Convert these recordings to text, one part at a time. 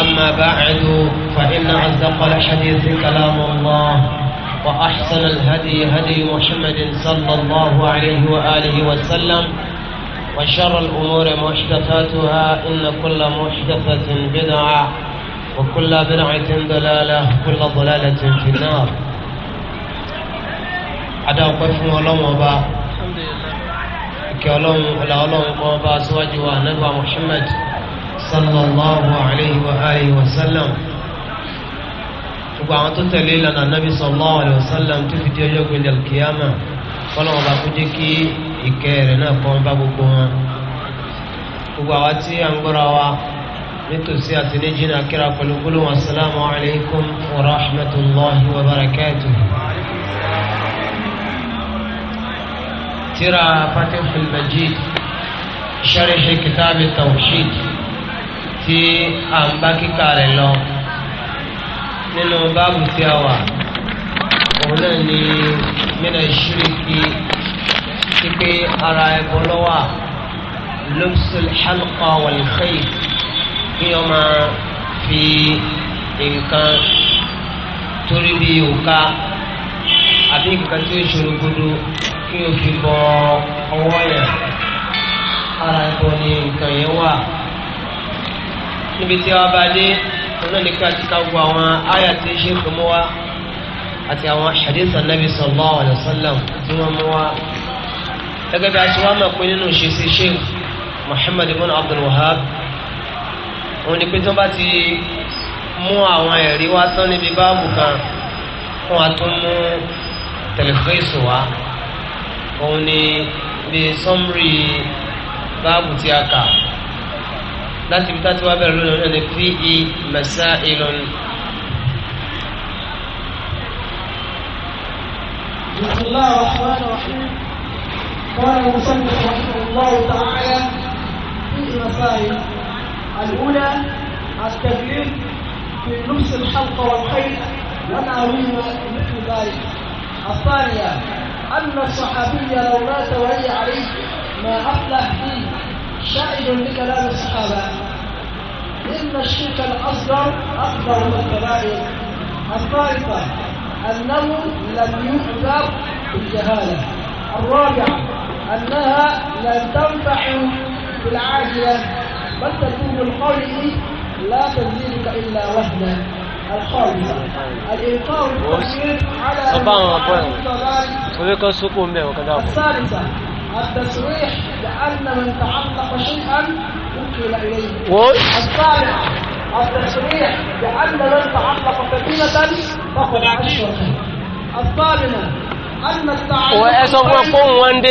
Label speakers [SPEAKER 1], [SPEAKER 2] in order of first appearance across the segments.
[SPEAKER 1] أما بعد فإن أصدق الحديث كلام الله وأحسن الهدي هدي محمد صلى الله عليه وآله وسلم وشر الأمور محدثاتها إن كل محدثة بدعة وكل بدعة ضلالة وكل ضلالة في النار ada ọpẹ́ fún Ọlọ́run الحمد لله كي علوم Ọlọ́run kan ọba síwájú محمد صلى الله عليه وآله وسلم gbogbo àwọn tó tẹ̀lé ìlànà anábì sallallahu alaihi wasallam tó fi di ọjọ́ gbẹ̀lẹ̀ kìámà kọ́lọ́wọ́n bá kó jẹ́ kí ìkẹ́ rẹ̀ náà kọ́ bá gbogbo wọn. gbogbo àwa tí a ń gbọ́ra wa nítòsí àti ní jìnnà kíra pẹ̀lú gbólóhùn asalaamu alaykum wa rahmatulahi wa barakatuh. tíra fatihul majid sharhi kitabi tawhid tí a ń bá kíkà rẹ̀ lọ nínú báàbù tí a wà òun náà ni mina ṣíríkì pípé ara ẹ̀bùn lọ́wọ́ lubsul halqa wal khayl kí wọ́n máa fi nǹkan torí bí òka àbí nǹkan tí ó ṣòro gbódò kí wọ́n fi bọ ọwọ́ yẹn ara ẹ̀bùn ni nǹkan yẹn wà níbi tí wàá bá dé òun náà ní pé àti ká gbọ́ àwọn àyà tí ṣe fún mọ́ wa àti àwọn hadith Ànábì sallallahu alaihi wasallam tí wọ́n mú wa. gẹ́gẹ́ bí a ṣe wá mọ̀ pé nínú ìṣesí Sheikh Muhammad ibn Abdul Wahab òun ni pé tí wọ́n bá ti mú àwọn ẹ̀rí wá tán níbi báàbù kan fún atúmú tẹlifíṣù wa òun ni bí sọmúrì báàbù tí a kà. لكن ibi táti wá bẹ̀rẹ̀ lónìí
[SPEAKER 2] بسم الله الرحمن الرحيم قال المصنف رحمه الله تعالى في مسائل الأولى التبليغ في لبس الحلقة والخيل ونعويها مثل ذلك الثانية أن الصحابي لو مات وهي عليه ما أفلح فيه شاهد بكلام الصحابة إن الشرك الأصغر أكبر من الكبائر الطائفة أنه لم يعذر بالجهالة الرابعة أنها لن تنفع في العاجلة بل تكون القول لا تزيدك إلا وهنا الخامسة الإنكار والتشريف على
[SPEAKER 1] الضلال السادسة
[SPEAKER 2] التسريح لأن من تعلق شيئا أكل إليه الثانية التسريح لأن من تعلق كلمة فقد أشرك الثالثة ويسمى قوم وان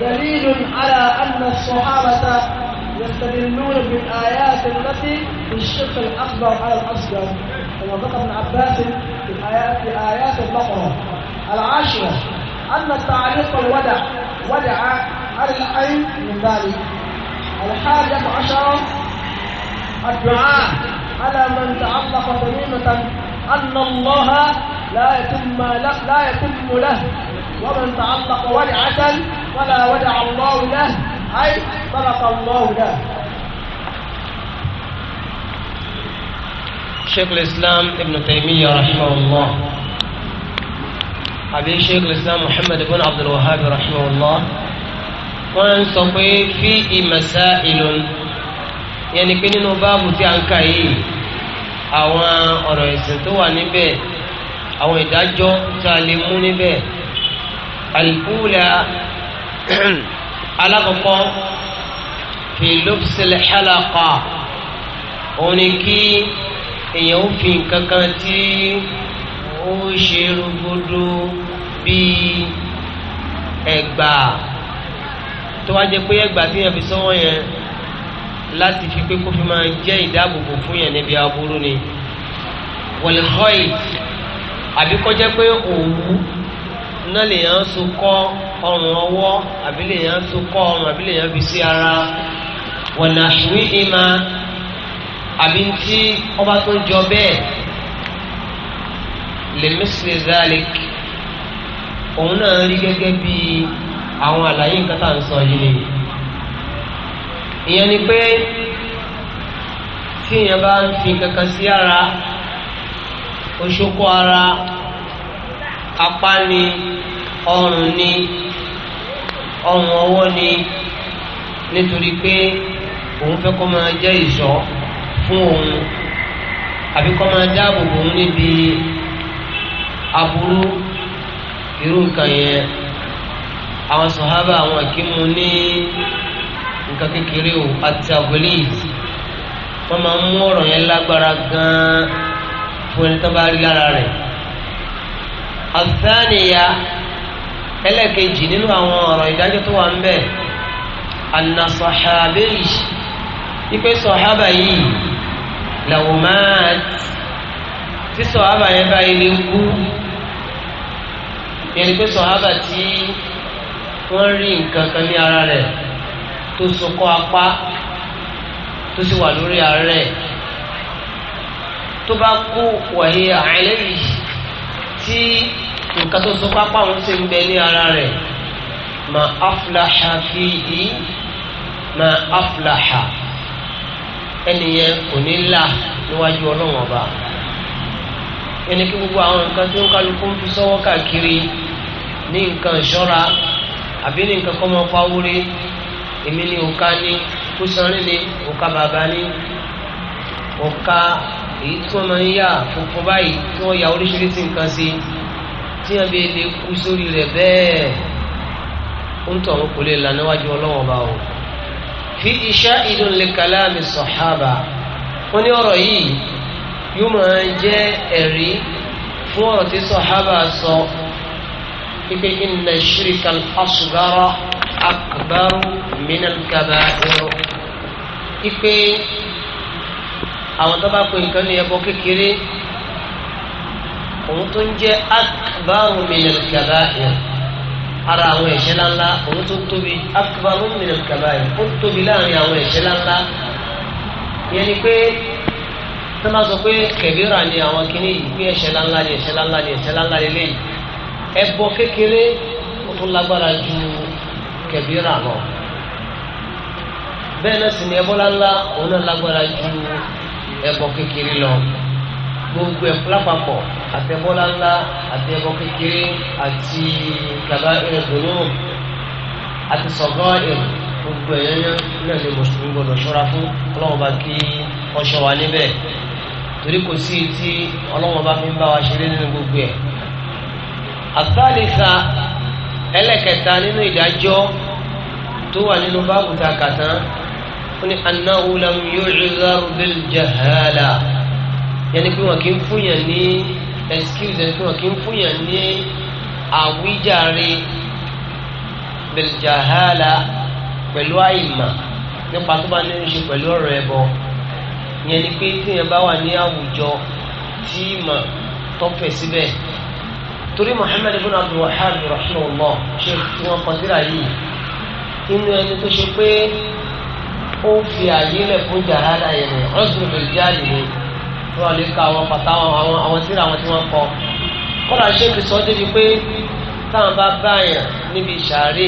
[SPEAKER 2] دليل على ان الصحابه يستدلون بالآيات التي في الشق الأكبر على الأصغر كما ذكر ابن عباس في في آيات البقرة العاشرة أن تعليق الودع ودع على العين من ذلك الحادية عشرة الدعاء على من تعلق تميمة أن الله لا يتم له لا يتم له ومن تعلق ودعة فلا ودع الله له أي بارك الله له
[SPEAKER 1] شيخ الإسلام ابن تيمية رحمه الله أبي شيخ الإسلام محمد بن عبد الوهاب رحمه الله wọ́n ń sọ pé fi ìmọ̀sá ìlòn yẹn ni pé nínú báàbù tí a ń kà yìí àwọn ọ̀rọ̀ ẹ̀sìn tó wà níbẹ̀ àwọn ìdájọ́ tá a lè mú níbẹ̀ àlùkùlà alákọ̀ọ́kọ́ fi lóbsílẹ̀ xalaqa òun ni kí èèyàn ó fi nǹkan kan tí ó ṣe rúgbódó bíi ẹ̀gbà tó wá jẹ pé ẹ̀gbà tí yẹn fi sọ́wọ́ yẹn láti fi pé kó fi máa jẹ́ ìdáàbòbò fún yẹn níbi aburú ni wal khayt àbí kọjá pé òwú náà lè yàn án so kọ́ ọrùn ọwọ àbílẹ̀ yẹn tó kọ́ ọrùn àbílẹ̀ yẹn fi sí ara wọ̀nà ìwé ìmá àbí tí ọba tó jọ bẹ́ẹ̀ lè mísìlè òun náà rí gẹ́gẹ́ bí àwọn àlàyé nǹkan tá à ń sọ yìí ni ìyẹn ni pé tí fi kankan sí ara oṣokọ ara apá ni ni. ọrùn ọwọ́ ni nítorí pé òun fẹ́ kọ́ máa jẹ́ ìṣọ́ fún òun àbí kọ́ máa dáàbò bò òun níbi aburú irú nǹkan yẹn àwọn sọ̀hábà àwọn ìkímù ní nǹkan kékeré o àti àgbélẹ̀yìí wọ́n máa ń mú ọ̀rọ̀ yẹn lágbára gan-an fún ẹni tó bá rí lára rẹ̀. àfẹ́nìyà ẹlẹ́ẹ̀kejì nínú àwọn ọ̀rọ̀ ìdájọ́ tó wà ń bẹ̀ anna sahabi ipe sahaba yìí lawumat tí sahaba yẹn bá ilé kú yẹn ni pé sahaba tí wọ́n rí nǹkan kan ní ara rẹ̀ tó sunkọ́ apá tó sì wà lórí ààrẹ tó bá kú wàyí àìlẹ́yìí tí nǹkan tó so pápá òun ti ń bẹ ní ara rẹ̀ ma aflaha fi i ma aflaha ẹnìyẹn kò ní là níwájú ọlọ́wọ́n ọba ẹni kí gbogbo àwọn nǹkan tó ń kálukú ń fi sọ́wọ́ káàkiri ní nǹkan ìṣọ́ra àbí ní nǹkan kọ́mọ fáwúrí èmi ni òka ní kúsanrí ni òka bàbá ní òka èyí tí wọ́n máa ń yà funfun báyìí tí wọ́n ya oríṣiríṣi nǹkan sí i tí wọ́n bẹ lè kú sórí rẹ̀ bẹ́ẹ̀ ń tọ̀ wọn kò lè là níwájú ọlọ́wọ́n bá o. fi iṣẹ́ ìdùn lè kàlẹ́ àmì sọ̀hábà wọ́n ní ọ̀rọ̀ yìí yóò máa jẹ́ ẹ̀rí fún ọ̀rọ̀ tí sọ̀hábà sọ pípé inna ṣíríkà asùgbárọ̀ akbaru minal kabairo pípé àwọn tó bá pe nǹkan ní ẹbọ kékeré òun tó ń jẹ́ akbaru minil kaba'ir ara àwọn ẹ̀ṣẹ̀ ńláńlá òun tó tóbi akbaru minil kaba'ir ó tóbi láàrin àwọn ẹ̀ṣẹ̀ ńláńlá yẹn ni pé tó máa sọ pé kẹ̀bíra ni àwọn kìíní yìí pé ẹ̀ṣẹ̀ ńláńlá ni ẹ̀ṣẹ̀ ńláńlá ni ẹ̀ṣẹ̀ ńláńlá ni eléyìí ẹbọ kékeré ó tún lágbára ju kẹ̀bíra lọ bẹ́ẹ̀ náà sì ni ẹbọ ńláńlá òun náà lágbára ju ẹbọ kékeré lọ gbogbo ẹ̀kọ́ lápapọ̀ àtẹ̀bọ́lá ńlá àtẹ̀bọ́ kékeré àti kaba ẹ̀dùnú àti sọ̀gán ẹ̀rù gbogbo ẹ̀yẹ́yẹ́ náà ni mùsùlùmí gbọdọ̀ ṣọ́ra fún ọlọ́run bá kí ọṣọ wa níbẹ̀ torí kò sí tí ọlọ́run bá fi ń bá wa ṣeré nínú gbogbo ẹ̀. àtàlẹ́sà ẹlẹ́kẹta nínú ìdájọ́ tó wà nínú báàbù takàtàn ó ní anáwó lam yóò rí yẹni pé wọn kì í fún ní excuse yẹni pé wọn kì í fún yàn ní àwíjàre biljahala pẹ̀lú àìmà nípa tó bá ní í ṣe pẹ̀lú ọ̀rọ̀ ẹbọ yẹn ni pé tí yẹn bá wà ní àwùjọ tí mà tọ́pẹ̀ síbẹ̀ torí Muhammad ibn Abdul Wahhab rahimahullah ṣe tí wọ́n kọ síra yìí inú ẹni tó ṣe pé ó fi àyè fún jahala yẹn ọ̀sùn biljahala yẹn wọn lè ka àwọn pàtà àwọn àwọn tíra àwọn tí wọn kọ kọ́lá ṣéèkì sọ débi pé táwọn bá báyàn níbi ìṣàárè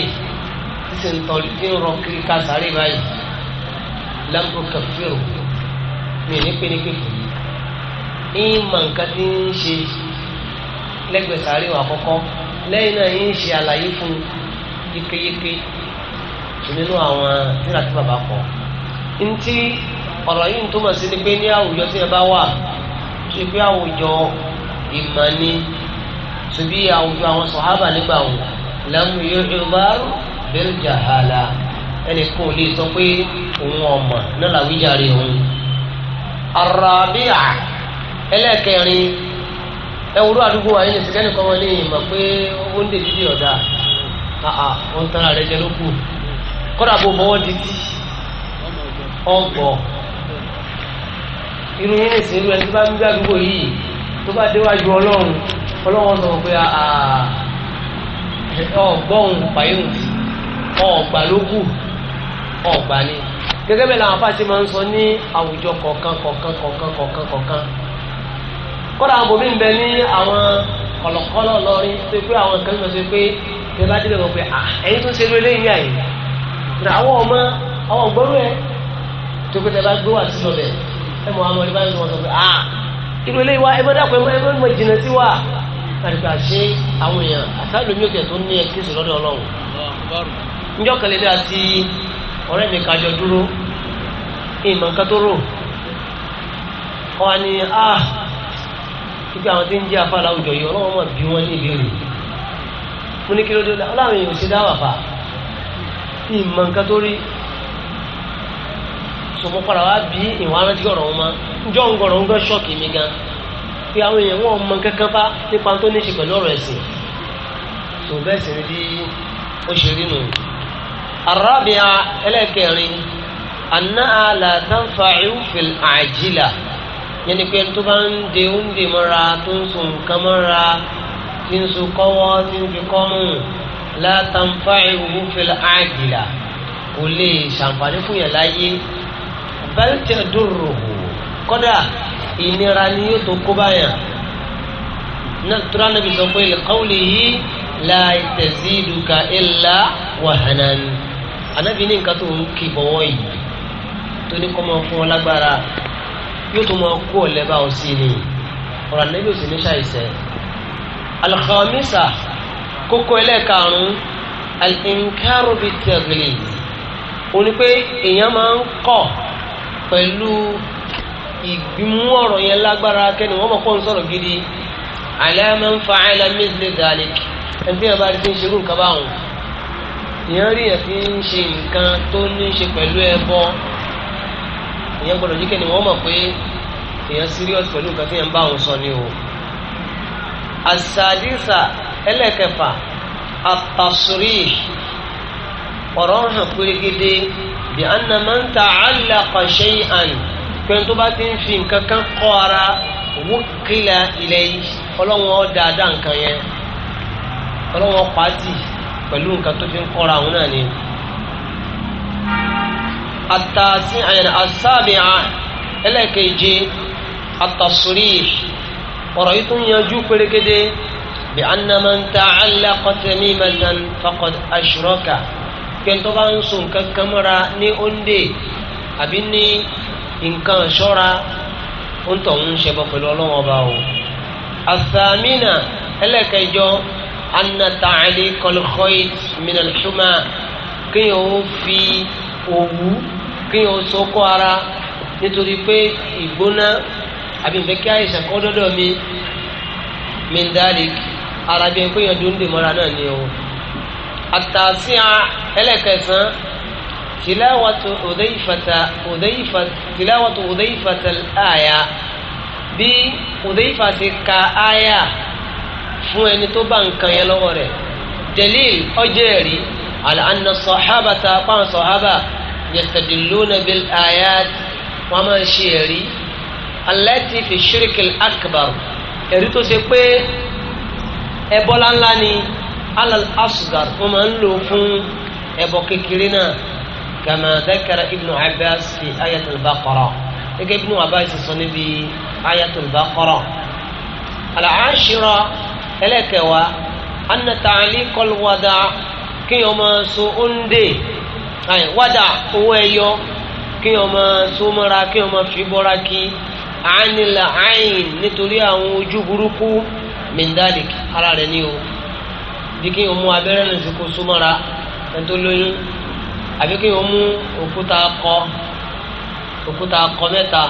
[SPEAKER 1] tí sì ń tọ́lú tí ń rọ kiri ká sàárè báyìí lámbò kẹfìrò mi ní pínípínlẹ̀ yìí ń mọ nǹkan tí ń ṣe lẹ́gbẹ̀ẹ́ sàárè wà kọ́kọ́ lẹ́yìn náà yìí ń ṣe àlàyé fún yékéyéké nínú àwọn tíra tí bàbá kọ ntí ọ̀rọ̀ yìí ń túmọ̀ sí ni pé ní àwùjọ tí ẹ bá wà ṣe pé àwùjọ ìmọ̀ ni ṣùbí àwùjọ àwọn sọ̀hábà nígbà wò lẹ́nu yorùbá bẹ́ẹ̀ jàhálà ẹnì kan ò lè sọ pé òun ọmọ náà làwíjàre òun. arabiya ẹlẹ́kẹrin ẹwúrú àdúgbò wa yìí lè sìkẹ́ni kan wọlé ìmọ̀ pé ó ń dè dídì ọ̀dà àà ó ń tan àrẹ jẹ lókù kọ́dà bó bọ́wọ́ di ọgbọ̀n irú yín lè sèrú ẹni tó bá ń gbé àdúgbò yìí tó bá déwájú ọlọ́run ọlọ́run sọ pé ah, ah, ọgbọ́n pàyẹ́wò ọgbà ló kù ọgbà ni gẹ́gẹ́ bẹ́ẹ̀ làwọn afáàṣẹ máa ń sọ ní àwùjọ kọ̀ọ̀kan kọ̀ọ̀kan kọ̀ọ̀kan kọ̀ọ̀kan kọ̀ọ̀kan kọ́dà àwọn bòmí ń bẹ ní àwọn kọ̀lọ̀kọ́lọ̀ lọ́rin tó pé àwọn kan sọ pé ẹ bá délé wọn pé ah, ẹ̀yin tó ń ṣerú eléyìí àyè àwọn ọmọ àwọn ọgbọ́rú ẹ tó pé tẹ bá gbé wà sí lọ ẹ mọ àwọn ọlọ́ba nínú wọn sọ ah irú eléyìí wá ẹ bá dàpọ̀ ẹ bá mọ ìjìnlẹ̀ sí wa kàdìgbà ah, ṣe àwọn èèyàn àtàlù mi ò tẹ̀ tó ní ẹ kí sọ̀rọ̀ ọlọ́run níjọ́ kan lélẹ́ àti ọ̀rẹ́ mi kájọ dúró ìmọ̀ nǹkan tó rò wọn ni ah ibi àwọn tí ń jẹ́ afárá àwùjọ yìí ọlọ́wọ́ mọ̀ bí wọ́n ní ìbéèrè mo ní kí ló dé ọlọ́run èèyàn ò ṣe dáwà fà ìmọ̀ nǹkan tó rí sọmọ padà wá bí ìwọ̀n arántí ọ̀rọ̀ wọn mọ́ njọ́ ń gọ̀rọ̀ ń gbọ́ ṣọ́ọ̀kì mi gan pé àwọn èèyàn wọn mọ kankan bá nípa tó ní ṣe pẹ̀lú ọ̀rọ̀ ẹ̀sìn tó bẹ́ẹ̀ sì ni bí ó ṣe rí nù. arábìá ẹlẹ́kẹrin anna ala tanfa'u fil yẹn ni pé tó bá ń de oúnjẹ mọ́ra tó ń sun nǹkan mọ́ra tí ń sun kọ́wọ́ tí ń fi kọ́ mú la tanfa'u fil kò lè ṣàǹfààní bal ta'durruhu kọ́dà ìnira ni yóò tó kó báyà náà tura nàbì sọ pé liqawlihi la taziduka illa wahanan ànábì ní nǹkan tó ń kí bọ́wọ́ yìí tó ní kọ́ máa fún ọ lágbára yóò tó máa kó o lẹ́bàá ọ sí ni ọ̀rọ̀ ànábì ò sì ní ṣàìsẹ́ alhamisa kókó ẹlẹ́ẹ̀karùn-ún al-inkaru bit-taghliz o ní pé èèyàn máa ń kọ́ pẹ̀lú ìgbìmú ọ̀rọ̀ yẹn lágbára kẹ́ni wọ́n mọ̀ kọ́ ń sọ̀rọ̀ gidi àlẹ́mọ̀ ń fa àìlà mísìlẹ̀ dàlẹ́ ẹni tí yẹn bá rí ti ń ṣerú nǹkan báwọn ìyẹn rí yẹn fi ń ṣe nǹkan tó ní ṣe pẹ̀lú ẹbọ ìyẹn gbọ́dọ̀ jí kẹ́ni wọ́n mọ̀ pé èèyàn serious pẹ̀lú nǹkan tí yẹn bá òun sọ ni o. àṣàdìsà ẹlẹ́kẹfà àtàṣírí ọ̀rọ̀ hàn pérégedé bí anna man ta'allaqa shay'an pẹ̀lú tó bá ti ń fi nǹkan kan kọ́ ara wukila ilayhi ọlọ́wọ́n ó dáadáa nǹkan yẹn ọlọ́wọ́n pàtì pẹ̀lú nǹkan tó fi ń kọ́ra àwọn náà ni. àtàtì àyàn àsáàbìà ẹlẹ́ẹ̀keje àtàsùrìf ọ̀rọ̀ yìí tó ń yanjú pérékedé bí anna man ta'allaqa tamimatan faqad ashraka pẹ́ńtọ́ bá ń so nǹkan kan mọ́ra ní ondé àbí ní nǹkan ṣọ́ra ó ń tọ̀hún ṣẹbọ pẹ̀lú ọlọ́wọ́n ọba o. àsàmínà ẹlẹ́kẹjọ anataali kọlùkọ́ìt mìnàlùsùmá kéèyàn ó fi òwú kéèyàn ó sọkọ ara nítorí pé ìgbóná àbí nfẹ́ kí àìsàn kọ́ dọ́dọ̀ mi mindalik arabi kéèyàn dúndé mọ́ra náà ni o. àtàsíà ẹlẹ́kẹsàn-án tìláwàtò òdeyìfàtà àyà bí òdeyìfà ti ka àyà fún ẹni tó bá nǹkan yẹn lọ́wọ́ rẹ̀ dalil ọjọ́ ẹ̀rí àlànà sọ̀hábàtà pàǹ sọ̀hábà yẹtẹ̀dìlúnà bil àyàt wọn máa ń ṣe ẹ̀rí alẹ́tì fi ṣíríkìl akbar ẹ̀rí tó ṣe pé ẹbọ́lá ńlá ni alal asgar wọn máa ń lò fún ẹbọ kékeré náà kama dhakara ibnu abbas fi ayatul baqara gẹ́gẹ́ ibnu abbas sọ níbi ayatul baqara alaashira ẹlẹ́kẹ̀wá anna ta'liqal wada kéèyàn máa so oúnjẹ wada owó ẹyọ kéèyàn máa so mọ́ra kéèyàn máa fi bọ́ra kí àánilà àìn nítorí àwọn ojú burúkú mindalik ara rẹ̀ ní o bí kéèyàn mú abẹ́rẹ́ nìkan kó so ẹni tó lóyún àbí kí wọ́n mú òkúta akọ òkúta akọ mẹ́ta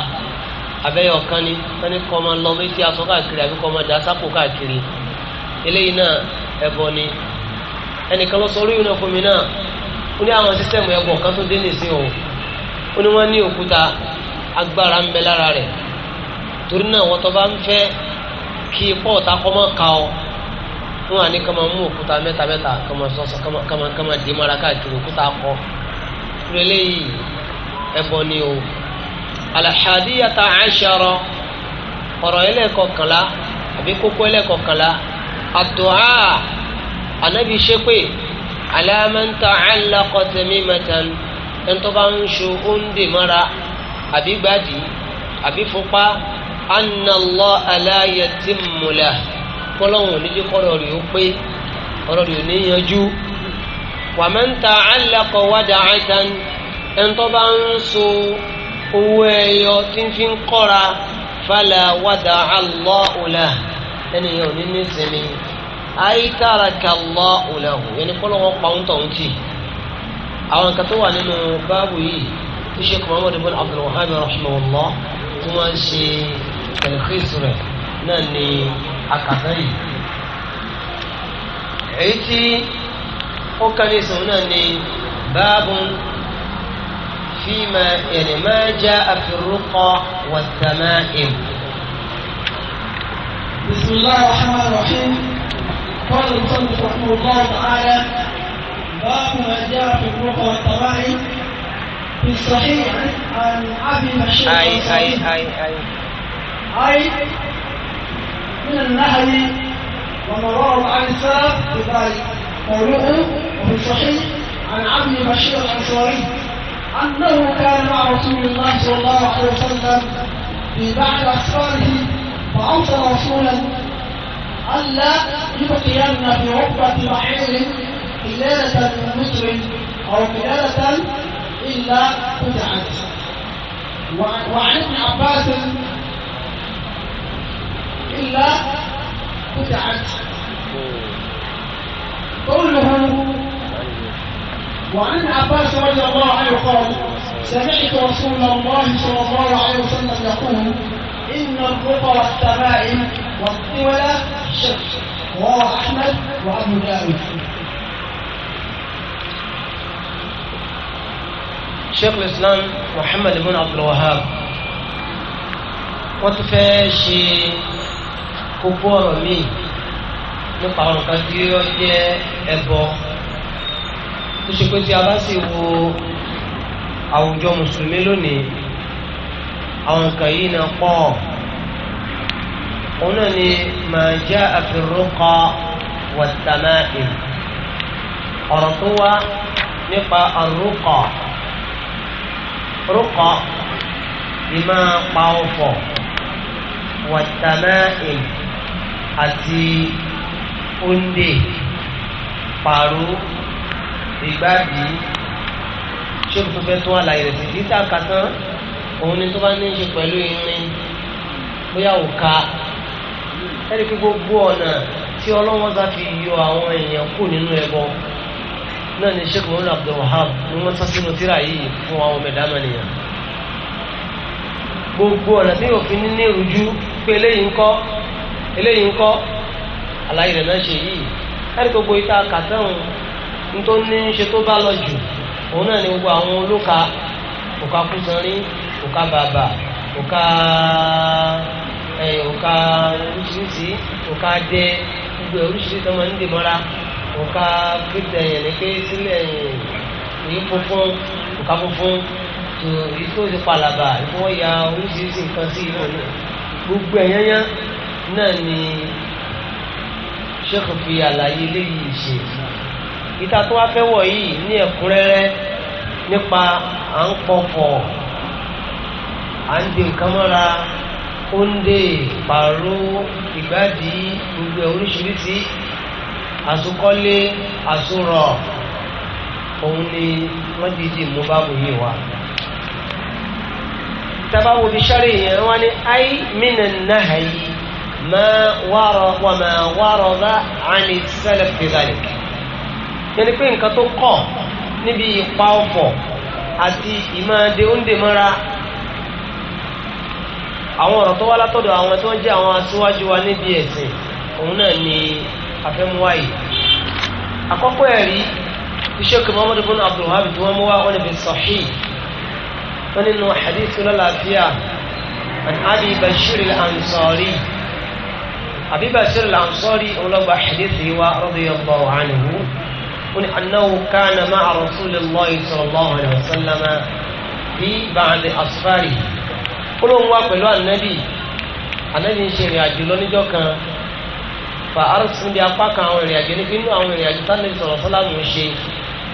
[SPEAKER 1] abẹ́yẹ ọ̀kan ni wọ́n ní kọ́ ọmọ lọ méjì aṣọ káàkiri àbí kọ́ ọmọ dà sápò káàkiri eléyìí náà ẹbọ ni ẹnìkan lọ sọ orí ìrìnà fún mi náà ó ní àwọn sísẹ́mù ẹbọ kan tó dé nìsín o ó ní wọ́n ní òkúta agbára ń bẹ lára rẹ̀ torí náà wọ́n tó bá ń fẹ́ kí pọ́ọ̀tà kọ́ mọ́ ka ọ wọn àní kama mú òkúta mẹ́ta mẹ́ta kama sọsọ kama kama kama dèmara káàkiri òkúta kọ rẹlẹ yìí ẹbọ ni o alahadiyata aṣara ọ̀rọ̀ ẹlẹ́kọ̀kànlá àbí kókó ẹlẹ́kọ̀kànlá àdùá anabi ṣépè alámẹ́ntà alákọ̀tẹ̀mí mẹ́tẹ́n ń ṣo ó ń àbí gbádìí àbí fúnpá anna Allah ala kọ́lọ́hún ò ní jẹ́ kọ́rọ̀ rẹ̀ ó pé ọ̀rọ̀ rẹ̀ ò ní yanjú wà máa ń ta alákọ̀ wádà àìsàn ẹni tó bá ń so owó ẹyọ tí ń fi ń kọ́ra fàlà wádà àlọ́ òlà ẹni yẹn ò ní ní sinmi àìtàràkà lọ́ òlà hù ẹni kọ́lọ́hún pa ń tọ̀hún àwọn nǹkan wà nínú báàbù yìí tó ṣe kọ́ Muhammad ibn Abdul Wahhab ń ṣe tẹ̀lifíṣù rẹ̀ náà ni akàtán yìí èyí tí ó kàn ní ìsìn náà ni báàbù fíìmà ìrìnmá já àfirúkọ wàtàmá
[SPEAKER 2] بسم الله الرحمن الرحيم قال المصنف رحمه الله تعالى باب ما جاء في الرقى والتمائم في الصحيح عن ابي مشيخ اي اي اي اي من النهي رواه عن السلف بذلك قوله وفي الصحيح عن عبد بشير الانصاري انه كان مع رسول الله صلى الله عليه وسلم في بعض اسفاره فاوصى رسولا الا يبقين في ركبه بعير قلاله من مصر او قلاله الا فتحت وعن ابن عباس إلا قطعت قوله وعن عباس رضي الله عنه قال سمعت رسول الله صلى الله عليه وسلم يقول إن الرقى والتمائم
[SPEAKER 3] والدول شرك رواه أحمد وأبو داود شيخ الإسلام محمد
[SPEAKER 1] بن عبد الوهاب وتفاشي kó gbọ́ ọ̀rọ̀ míì nípa ọ̀rọ̀ kan tí ó jẹ́ ẹbọ tó ṣe pé tí a bá sì wo àwùjọ mùsùlùmí lónìí àwọn nǹkan yìí náà pọ̀ òun náà ni màá jẹ́ àfẹrúkọ wàtàmáì ọ̀rọ̀ tó wá nípa àrùkọ rúkọ ìmáa pa wàtàmáì àti ondè pàró ìgbàdí ṣéèkù tó fẹ́ tún àlàyé rẹ̀ sí títà kàtán òun ni tó bá ní í ṣe pẹ̀lú irin bóyá òka ẹni pé gbogbo ọ̀nà tí ọlọ́wọ́n bá fi yọ àwọn èèyàn kù nínú ẹbọ náà ni ṣéèkù mọ́nà Abdulwahab ni wọ́n sọ sínú tíra yìí fún àwọn ọmọ ẹ̀dámọ̀ nìyẹn gbogbo ọ̀nà tí òfin ní ní ìrújú pé eléyìí ń kọ́ eléyìí ńkọ́ àlàyé rẹ̀ náà ṣe yìí ẹni gbogbo ìta kàtẹ́hùn tó ní ṣe tó bá lọ jù òun náà ni gbogbo àwọn olóka òka kúsanrí òka bàbà òka òka oríṣiríṣi òka dé gbogbo oríṣiríṣi tó máa ń dè mọ́ra òka pété ẹ̀yẹ̀ ní pé sílẹ̀ ẹ̀yìn funfun òka funfun tó ìfowópamọ́ palaba ìfowópamọ́ ya oríṣiríṣi nǹkan sí ìfowópamọ́ gbogbo ẹ̀yẹ́yẹ́ náà ni sheikh fi àlàyé léyìí ṣe ìta tó wá fẹ́ wọ̀ yìí ní ẹ̀kúnrẹ́rẹ́ nípa à ń pọ̀pọ̀ à ń di nǹkan mọ́ra oúnjẹ pàrọ̀ ìgbàdí gbogbo oríṣiríṣi àsokọ́lé àsorọ̀ òun ni wọ́n dìídì mú báwo yìí wá. tabawo bí sáré yẹn wọ́n ní ai minan nahayi. ما ورد وما ورد عن السلف بذلك يعني كوين كتوقع نبي يقاوفو àti ìmáde oúnjẹ mọ́ra àwọn ọ̀rọ̀ tó wá látọ̀dọ̀ àwọn tó ń jẹ́ àwọn aṣíwájú wa níbi ẹ̀sìn òun náà ni afẹ́múwáyé àkọ́kọ́ ẹ̀rí Sheikh Muhammad ibn Abdul Wahhab tí wọ́n mú wá wọn níbi sahih wọn nínú hadith lọ́làáfíà an Abi Bashir al-Ansari. أبي بشر الأنصاري أولو حديثه رضي الله عنه أنه كان مع رسول الله صلى الله عليه وسلم في بعض أسفاره أولو وقلوا النبي النبي يشير يجلون جوكا فأرسل بأقاك عن الرياجين إنه عن الرياجين النبي صلى الله عليه وسلم يشير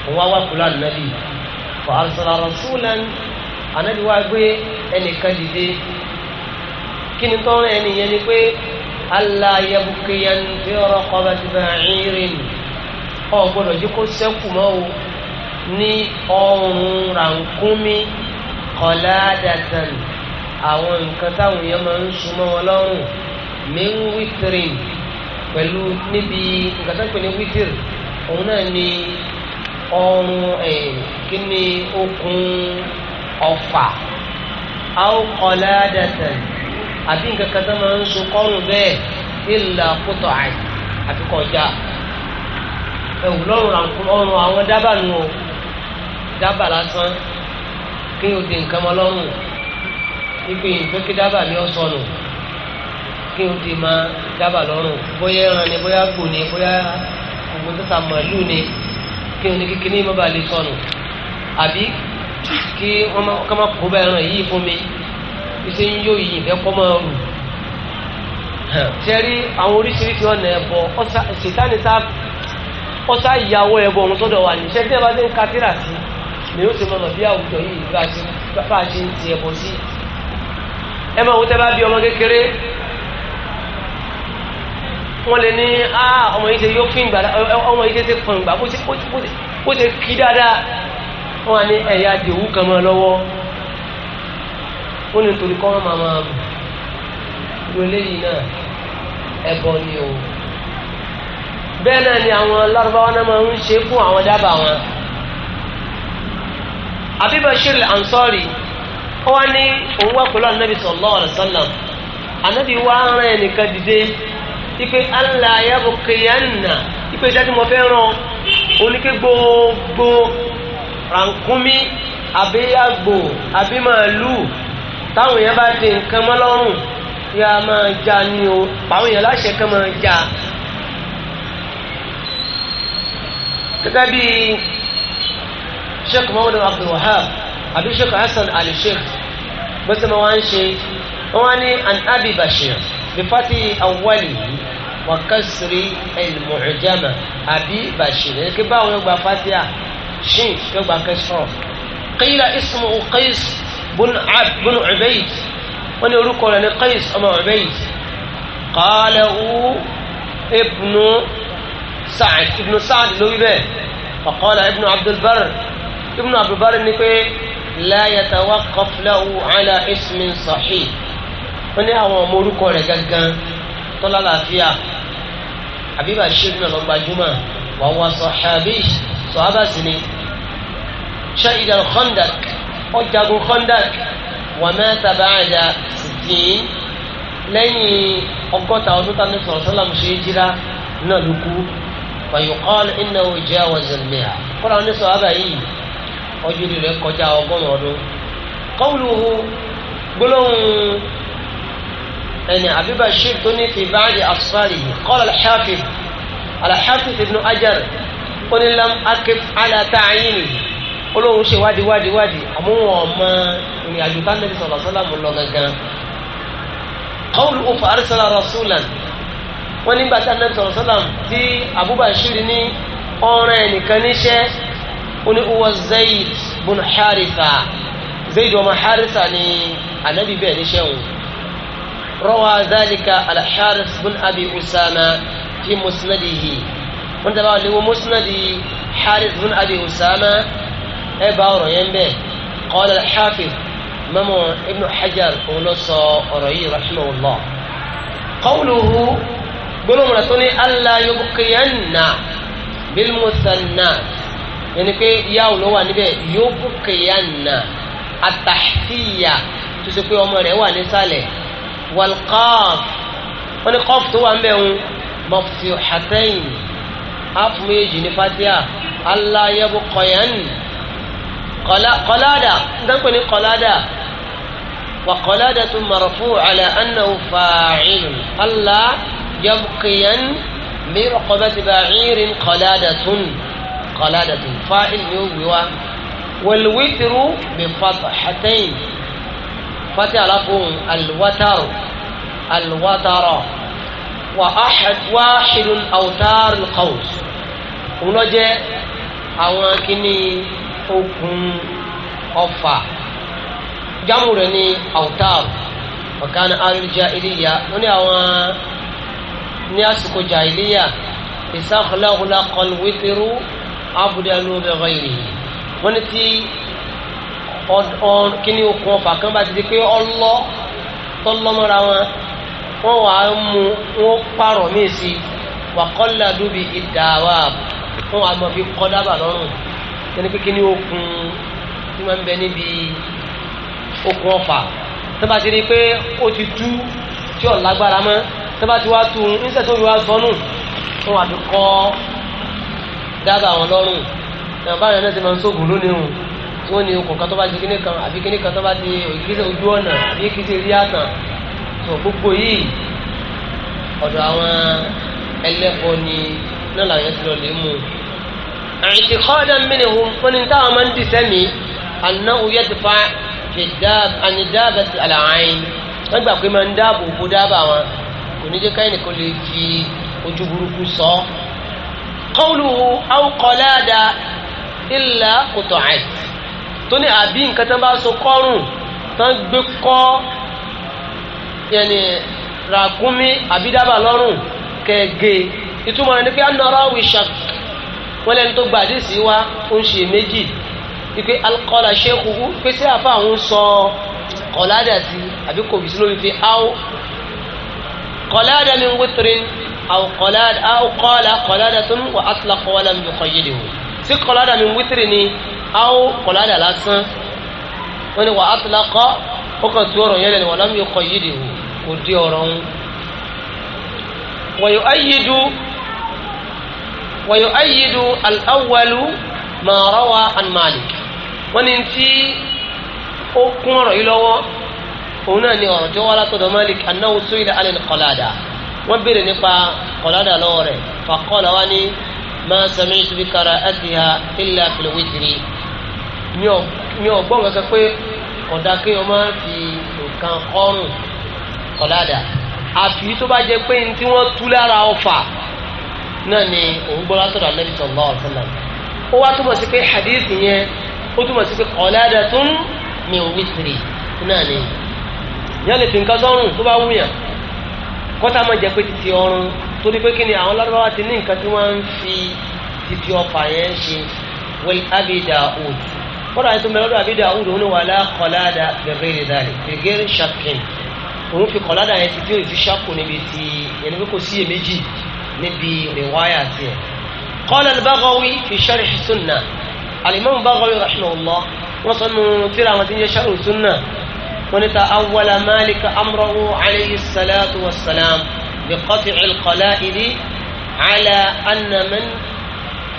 [SPEAKER 1] هو وقلوا النبي فأرسل رسولا النبي وقلوا أن كدده كنتون أن يلقوا ألا يبكيا في رقبة بعير ọ gbọ́dọ̀ jẹ́ kó sẹ́kù mọ́ o ní ọrùn rànkúnmí kọ̀ládàtàn àwọn nǹkan táwọn èèyàn máa ń súnmọ́ wọn lọ́rùn min wítìrì pẹ̀lú níbi nǹkan tó ń pè ní wítìrì òun náà ni ọrùn ẹ̀ kí ni okùn ọ̀fà àwọn kọ̀ládàtàn àbí nǹkan kan tó máa ń so kọ́rùn bẹ́ẹ̀ ìlà kótó àì àti kọjá ẹ̀wù lọ́rùn ọrùn àwọn dábàá nù o dábàá lásán kí o di nǹkan mọ́ lọ́rùn ipe ìfẹ́ kí dábàá ní ọ̀sọ̀nù kí o di máa dábàá lọ́rùn bóyá ẹran ni bóyá gbò ni bóyá ògùn tó ta màálù ni kí o ní kékeré má bàa lè sọnù àbí kí wọ́n má kó bá ẹran yìí fún mi ìṣe ń yó iyì ìfẹ́ kọ́ máa rù tẹ́rí àwọn oríṣiríṣi ọ̀nà ẹ̀bọ ṣètánì tá ọ̀sá ìyàwó ẹ̀bọ ọ̀hún sọ́dọ̀ wà ní ṣẹ́tẹ́ bá ti ń ka tíra sí ni ó ti mọ̀nà bí àwùjọ yìí bá a ṣe ń ti ẹ̀bọ sí ẹ máa wo tẹ́ bá bí ọmọ kékeré wọ́n lè ní ọmọ yìí ṣe yóò fún ìgbà ọmọ yìí ṣe ṣe fún ìgbà bó ṣe kí dáadáa wọ́n á ní ẹ̀yà dèwú kan mọ́ lọ́wọ́ ó ní torí kọ́ máa máa lu eléyìí náà ẹbọ ni o bẹ́ẹ̀ náà ni àwọn lárúbáwá náà máa ń ṣe fún àwọn dábàá wọn Abi Bashir Ansori ó wá ní òun wá pẹ̀lú anabi sallallahu alaihi wasallam anabi wá rán ẹnìkan dìde ipe ala yabukiyanna ipe ìdájú mo fẹ́ ràn oníke gbogbo rankumi àbí abimalu àbí táwọn èèyàn bá di nǹkan mọ́ lọ́rùn yá máa já ni o àwọn èèyàn láṣẹ kan máa já. gẹ́gẹ́ bí sheikh muhammadu abdul wahab àbí sheikh hasan ali sheikh bó ti máa wá ń ṣe wọ́n wá ní an abi bashir bifati awali wa kasri al-mu'jama abi bashir ẹni kí báwọn yóò gba fatiha shin yóò gba kẹsàn qila ismu qais. بن عبد بن عبيد وانا اروكو لان قيس اما عبيد قاله ابن سعد ابن سعد لو يبه فقال ابن عبد البر ابن عبد البر انك لا يتوقف له على اسم صحيح وانا هو موركو لغغان طلع العافيه حبيب الشيخ بن الجمعه وهو صحابي صحابه سنين شهد الخندق ọjàgùn Khandak wà mẹ́ta bá àjà sìkìn lẹ́yìn ọgọ́ta ọdún tani sọ̀rọ̀ sọ́lá musu yìí jira náà ló kú fàyọkọ́lù iná òjì àwọn zèlmìà kọ́ra wọn ní sọ abà yìí ọjọ́ rẹ̀ kọjá ọgọ́rùn ọdún kọ́wùlù gbólóhùn ẹni Abi Bashir tó ní fi báàdì asfali qala al-Hafiz al-Hafiz ibn Hajar akif ala ta'yinihi olóhùn ṣe wádìí wádìí wádìí àmọ́ wọn ọmọ ìrìn àjò tánẹ́lì sọ̀rọ̀ sọ́làmù lọ gangan. kọ́ọ̀lù òfò arísọ́lá rasulan wọ́n nígbà tánẹ́lì sọ̀rọ̀ sọ́làmù tí abubashir ní ọ̀ràn ẹnìkan níṣẹ́ ó ní uwa zayd bun haritha zayd ọmọ haritha ni anabi bẹ́ẹ̀ níṣẹ́ òun. rọwà dálíkà alḥaris bun abi usama fi musnadihi wọ́n dábàá lé wọ́n musnadi haris bun abi usama ẹ bá ọ̀rọ̀ yẹn bẹ́ẹ̀ qala al-hafiz mẹ́mọ́ ibn hajar òun ló sọ ọ̀rọ̀ yìí rahimahullah qawluhu gbólóhùn rẹ̀ tó ní alla yubqiyanna bil musannat yẹn ni pé yáwù ló wà níbẹ̀ yubqiyanna atahtiya tó ṣe pé ọmọ rẹ̀ wà nísàlẹ̀ walqaf wọ́n ní tó wà ń bẹ̀ ń maftuhatayn áfù méjì ní fatiha alla yubqiyanna kọláàdà dáńpẹ́ ní kọláàdà wà kọláàdà tún marafu ala annahu fa'ilun ala yabqiyan min raqabati ba'irin kọláàdà tún kọláàdà tún fa'il ni ó wíwá wàlúwítìrú bí fatahatayn fatih aláfóhùn alwátàrù alwátàrù wa axad waaxidun awtaar alqaws òun jẹ àwọn kìnnìún okùn ọfà jámù rẹ̀ ní autab ọ̀kan arìjà ìlíyà ó ní àwọn ní àsìkò jà ìlíyà ìsáhùláhùlá kan wípérú abudulayi ló bẹ̀rẹ̀ ìrìn wọ́n ní tí kíní okùn ọfà kan bá ti di pé ọlọ́ tọ́lọ́mọ́ra wọn wọ́n wà á mú wọ́n pààrọ̀ míì sí wàkọ́lá dúbi ìdáwà wọ́n wà á mọ̀ fi kọ́ dábà lọ́rùn yẹn pé kí ni okun tí máa ń bẹ níbi okun ọfà tó bá ti rí i pé ó ti tú tí ò lágbára mọ́ tó bá ti wá tu níṣẹ́ tó fi wá sọnù wọn àti kọ́ dábàá àwọn lọ́rùn náà báyọ̀ náà ti máa ń sóògùn lónìí o tí wọ́n ní okùn kan tó bá ti kíní kan àbí kíní kan tó bá ti ìgbésẹ̀ ojú ọ̀nà àbí kíní rí àtàn tó gbogbo yìí ọ̀dọ̀ àwọn ẹlẹ́kọ̀ọ́ ni náà làwọn yẹn ti lọ lè mú un. اعتقادا منهم وان تاو من تسمي أنه يدفع في الداب عن دابة العين wọ́n gbà pé máa ń dáàbò bó dábàá wọn kò ní jẹ́ káyìn kò lè fi ojú burúkú sọ ọ́ qawluhu aw qalada illa qut'at tó ní àbí nǹkan tó bá so kọ́rùn tó ń gbé kọ́ yẹnì ràkúnmí àbí dábàá lọ́rùn kẹ̀gẹ́ ìtumọ̀ rẹ̀ ni pé ànàrà wíṣà wọ́n lẹ́nu tó gba àdìsí wa ó ń ṣe méjì wípé alukọ́lá ṣẹ́kùú pé sí àfa àwọn sọ kọ̀ládà sí àbí kò bìí sí lórí fi áwò kọ̀ládà mi ń wítìrín àwò kọ́lá kọ̀ládà tó ń wà átìlá kọ́lá mi kọ̀ yé lèwò sí kọ̀ládà mi ń wítìrín ni áwò kọ̀ládà lásán wọ́n ni wà átìlá kọ́ ó kàn tó ọ̀rọ̀ yẹn lẹ́nu wà lámì kọ̀ yé lèwò kò dé ọ̀rọ̀ ń wọ̀nyí ayé dùn. ويؤيد الأول ما روى عن مالك وننتي أكون رئيلو هنا نرجو ولا تدو مالك أنه سئل عن القلادة وبر نقا قلادة لوري فقال واني ما سمعت بقراءتها إلا في الوتر mi ò gbọ́ nǹkan pé ọ̀dà kéèyàn máa ń fi nǹkan ọrùn kọ̀ládà àfi tó bá jẹ pé ní tí wọ́n tú lára ọfà náà ni òun gbọ́ látọ̀dọ̀ Ànábì sallallahu alaihi wasallam ó wá túmọ̀ sí pé hadith yẹn ó túmọ̀ sí pé qaladatun min witri náà ni yẹn lè fi nǹkan sọ́rùn tó bá wúyàn kọ́tà máa jẹ́ pé títí ọrùn torí pé kí ni àwọn lárúbáwá ti ní nǹkan tí wọ́n ń fi títí ọfà yẹn ṣe wẹ́l Abi Daud kọ́tà yẹn tó mẹ́rin lọ́dọ̀ Abi Daud òun ni wala qalada bẹ̀rẹ̀ ìdálẹ̀ gẹ́gẹ́ òun fi qalada yẹn títí òun fi ṣàkó níbi tí yẹn pé kò sí èméjì níbi rìwáyà tiẹ̀. qala al-Baghawi fi sharh sunnah al-imam al-Baghawi rahimahullah wọ́n sọ nù tíra àwọn tí ń jẹ́ sharh sunnah wọ́n ní ta awwala Malik amrahu alayhi salatu wa salam bi qat'i al-qala'idi ala anna man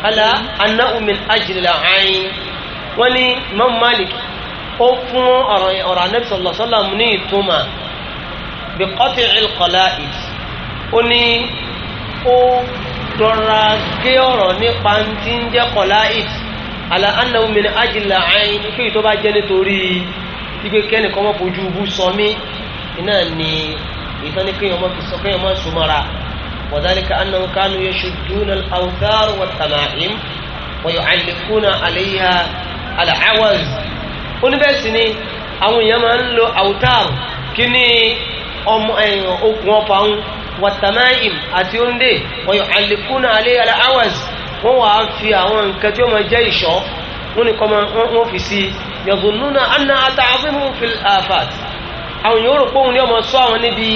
[SPEAKER 1] ala annahu min ajli al wọ́n ní imam Malik ó fún ọ̀rọ̀ anabi sallallahu alayhi wa sallam ní ìtumà bi qat'i al-qala'id ó ní ó rọra gé ọ̀rọ̀ nípa ti ń jẹ́ kọ̀lá ìt àlà anáwó mi ní àjìlá àyìn pé ìtọ́ bá jẹ́ nítorí ipe kẹ́ni kọ́ mọ́ fojú ubú sọ iná ni ìtọ́ni kéèyàn mọ́ sọ kéèyàn mọ́ sùn mọ́ra وذلك أنهم كانوا يشدون الأوثار والتمائم ويعلقون عليها العوز oníbẹ̀sìnì àwọn èèyàn máa ń lo àwùtár kí ni ọmọ ẹ̀yàn ọ̀pá ń wàtàmáìm àti ondé wọ́n yọ àlékúnà alẹ́ alẹ́ hours wọ́n wà á fi àwọn nǹkan tí ó máa jẹ́ ìṣọ́ wọ́n ní kọ́ wọ́n fi sí yọ̀gùnúnà anna ata abimu fi afat àwọn yòó rò pé òun ọmọ sọ àwọn níbi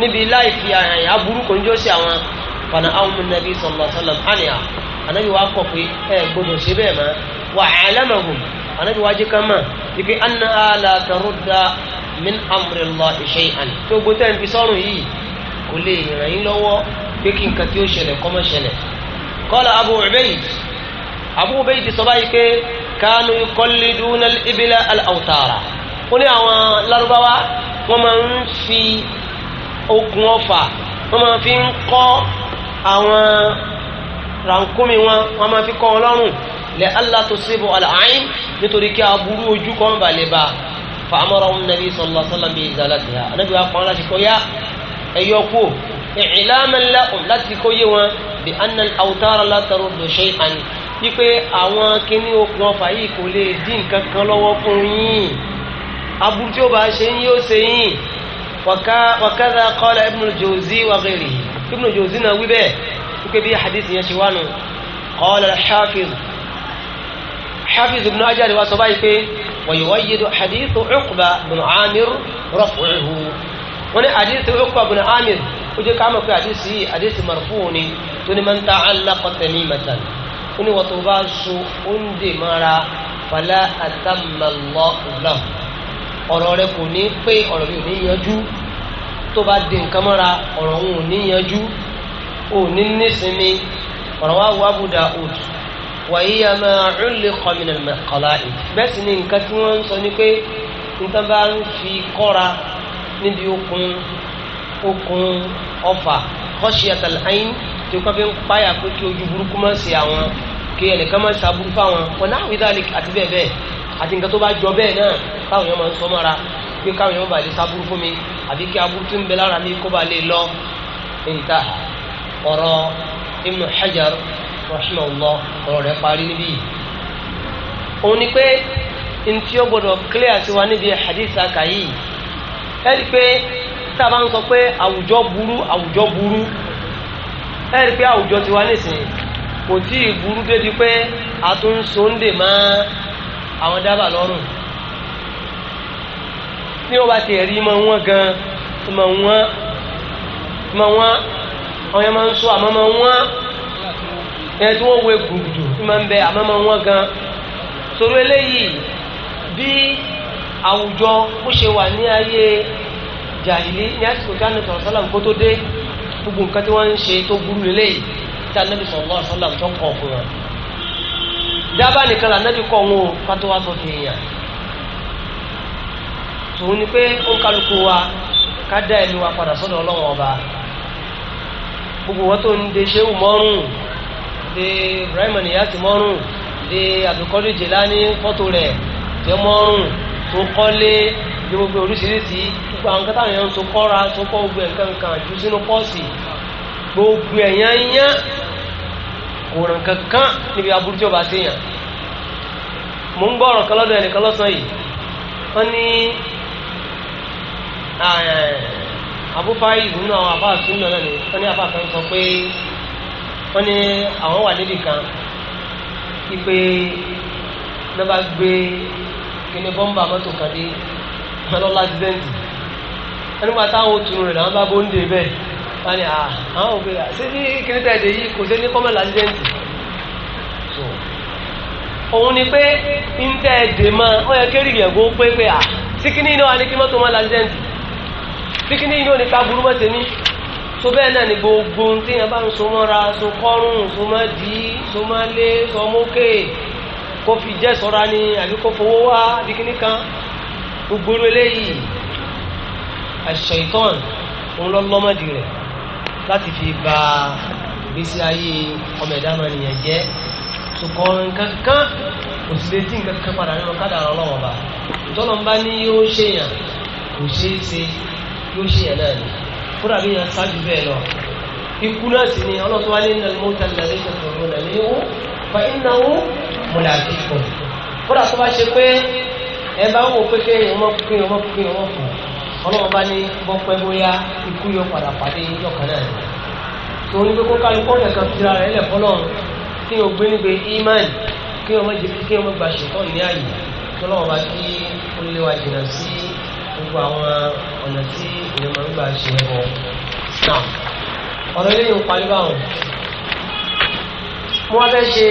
[SPEAKER 1] níbi láìfi àyàn aburú ní jọ àwọn fana àwọn nàbí sallallahu alaihi àníyà ànábi wa kọ̀ pé ẹ gbọdọ̀ ṣe bẹ́ẹ̀ mọ́ wà alamahum ànábi wa jẹ́ kán mọ̀ ibi anna ala tarudda min amrillahi shay'an tó gbọ́tẹ́ ń fi sọ́rùn yìí kò lè ràn yín lọ́wọ́ pé kí nǹkan tí ó ṣẹlẹ̀ kó má ṣẹlẹ̀ qala Abu Ubayd Abu Ubayd ti sọ báyìí pé kanu yuqalliduna al-ibla al-awtara ó ní àwọn lárúbáwá wọ́n máa ń fi okùn ọfà wọ́n máa fi ń kọ́ àwọn rànkúmi wọn wọ́n máa fi kọ́ wọn lọ́rùn lẹ́ Allah tusibu al-ayn nítorí kí aburú ojú kan balẹ̀ bá fa amara an-nabi sallallahu alaihi wasallam bi izalatiha anábì wa láti kọ́ yá ẹ̀yọ́ kú ìlàmẹ́lá láti kó yé wọn bí annan awtara látàrú lọ́ṣẹ́ ìhàní wípé àwọn kíní okùn ọfà yìí kò lè dín nǹkan kan lọ́wọ́ fún yín aburú tí ó bá ṣe yín yóò ṣe yín wàkàdà qala ibn al-Jawzi wa ghayrihi náà wí bẹ́ẹ̀ wípé bí hadith yẹn ṣe wà nù qala al-Hafiz حافظ ابن أجل وصبايك ويؤيد حديث عقبة بن عامر رفعه wọ́n ní àdìsí Uqba ibn Amir ó jẹ́ ká mọ̀ pé àdìsí yìí àdìsí marfu' ni tó ní man ta'allaqa tamimatan ó ní wọ́n tó bá so oúnjẹ mọ́ra fala atamma Allahu lahu ọ̀rọ̀ rẹ kò ní pé ọ̀rọ̀ mi ò ní yanjú tó bá di nǹkan mọ́ra ọ̀rọ̀ òun ò ní yanjú ò ní nísinmi ọ̀rọ̀ wa wà Abu Daud wàyíyá máa rúlé kọ́mìnà kọ́lá bẹ́ẹ̀ sì ni nǹkan tí wọ́n ń sọ ni pé nǹkan bá ń fi kọ́ra níbi okùn okùn ọfà khashiyatal ayn tí wọ́n fi ń páyà pé kí ojú burúkú má ṣe àwọn kí ẹnìkan má ṣàbùrú fáwọn wọn náà wí dáàlì àti bẹ́ẹ̀ bẹ́ẹ̀ àti nǹkan tó bá jọ bẹ́ẹ̀ náà káwọn yẹn máa ń sọ mọ́ra pé káwọn yẹn má bàa lè ṣàbùrú fún mi àbí kí aburú tó ń bẹ lára mi kó bàa lè lọ níta ọ̀rọ̀ Ibn Hajar rahimahullah ọ̀rọ̀ rẹ̀ parí níbí yìí òun ni pé ntí ó gbọdọ̀ clear sí wa níbi hadith ẹ̀rí pé tábà ń sọ pé àwùjọ burú àwùjọ burú ẹ̀rí pé àwùjọ tiwa nísìnyí kò tí ì burú débi pé a tún ń sóńdè mọ́ àwọn dábàá lọ́rùn tí wọ́n bá tiẹ̀ rí mọ wọn gan mọ wọn mọ wọn àwọn yẹn máa ń sọ àmọ́ mọ wọn yẹn tí wọ́n wé gbùdù tí máa ń bẹ àmọ́ mọ wọn gan sọ̀rọ̀ eléyìí bí àwùjọ bó ṣe wà ní ayé jàìlí ní àsìkò tí anabi sọ̀rọ̀ sọ́lá nǹkó tó dé gbogbo nǹkan tí wọ́n ń ṣe tó burú lélẹ́yìí tí anabi sọ̀rọ̀ sọ́lá tó kọ̀ fún wọn. dábàá nìkan là anabi wọn o pátó wá sọ fi èèyàn. tòun ni pé ó ń kálukú wa ká dá ìlú wa padà sọ́dọ̀ ọlọ́wọ́n ọba gbogbo wọn tó ń de sehu mọ́rùn de Ibrahim Niyasi mọ́rùn de Abdulkadir Jelani fọ́tò rẹ̀ tẹ́ mọ́rùn tó kọ́lé gbogbo oríṣiríṣi gbogbo àwọn kẹta yẹn ń so kọ́ra so kọ́ gbogbo nǹkan kan jù sínú pọ́ọ̀sì gbogbo ẹ̀yán yán kò ràn kankan níbi aburú tí ó bá sí yàn mò ń gbọ́ ọ̀rọ̀ kan lọ́dọ̀ ẹnìkan lọ́sàn yìí wọ́n ní abúfáì nínú àwọn àbá àtúndọ̀ náà ni wọ́n ní àbá kan sọ pé wọ́n ní àwọn wà níbì kan kí pé lọ́ba gbé kíní bọ́mbà mọ́tò kan dé lọ́lá accident ẹnìgbà táwọn òtún rẹ̀ làwọn bá bóńdè bẹ́ẹ̀ wọ́n ní ah, àwọn òbí rẹ̀ ṣé ní kíní tẹ̀lé yìí kò sí ní kọ́mọ̀lá accident òun ni pé ń tẹ́ ẹ dè mọ́ ọ yẹ kéré ìyẹ̀gbó pé pé à ah, tí kíní iná wa ní kí mọ́tò mọ́ accident tí kíní iná ò ní ká burú mọ́tò ní so bẹ́ẹ̀ náà ni gbogbo tí yẹn bá ń so so kọ́rùn so mọ́ dì kó fi jẹ́ sọ́ra ni àbí kó fowó wá àbí kíní kan gbogbo eléyìí àṣeyìtàn òun lọ lọ́mọdì rẹ̀ láti fi ba ìgbésí ayé ọmọ ẹ̀dá náà nìyẹn jẹ́ tukọrin kankan kò sì lè dín kankan padà nínú kádàrá ọlọ́wọ́ bá tọ́lọ̀ ń bá ní yóò ṣèyàn kò ṣeé ṣe yóò ṣèyàn náà ni kódà bí yẹn ṣáájú bẹ́ẹ̀ lọ ikú náà sì ni ọlọ́tún wálé ń lọ mọ́tà lálẹ́ ìṣẹ̀fọ̀ lọ́nà fa innahu
[SPEAKER 3] mulaqikum
[SPEAKER 1] kódà tó bá ṣe pé ẹ bá ń wò pé kí èèyàn mọ́ kí èèyàn mọ́ kí èèyàn mọ́ fún ọlọ́run bá ní bọ́pẹ́ bóyá ikú yóò padà pàdé lọ́kàn náà ni tó ní pé kó kálukọ́ ọ̀nà kan fira rẹ̀ lẹ̀ fọlọ́run kí o gbé nígbè imán kí o mọ kí o mọ ṣètọ́ ní àyè tó bá kí ó léwà jìnnà sí gbogbo àwọn ọ̀nà tí èèyàn máa ń gbà ṣe ẹ̀bọ̀ náà ọ̀rọ̀ eléyìí ń parí báwọn mo wá fẹ́ ṣe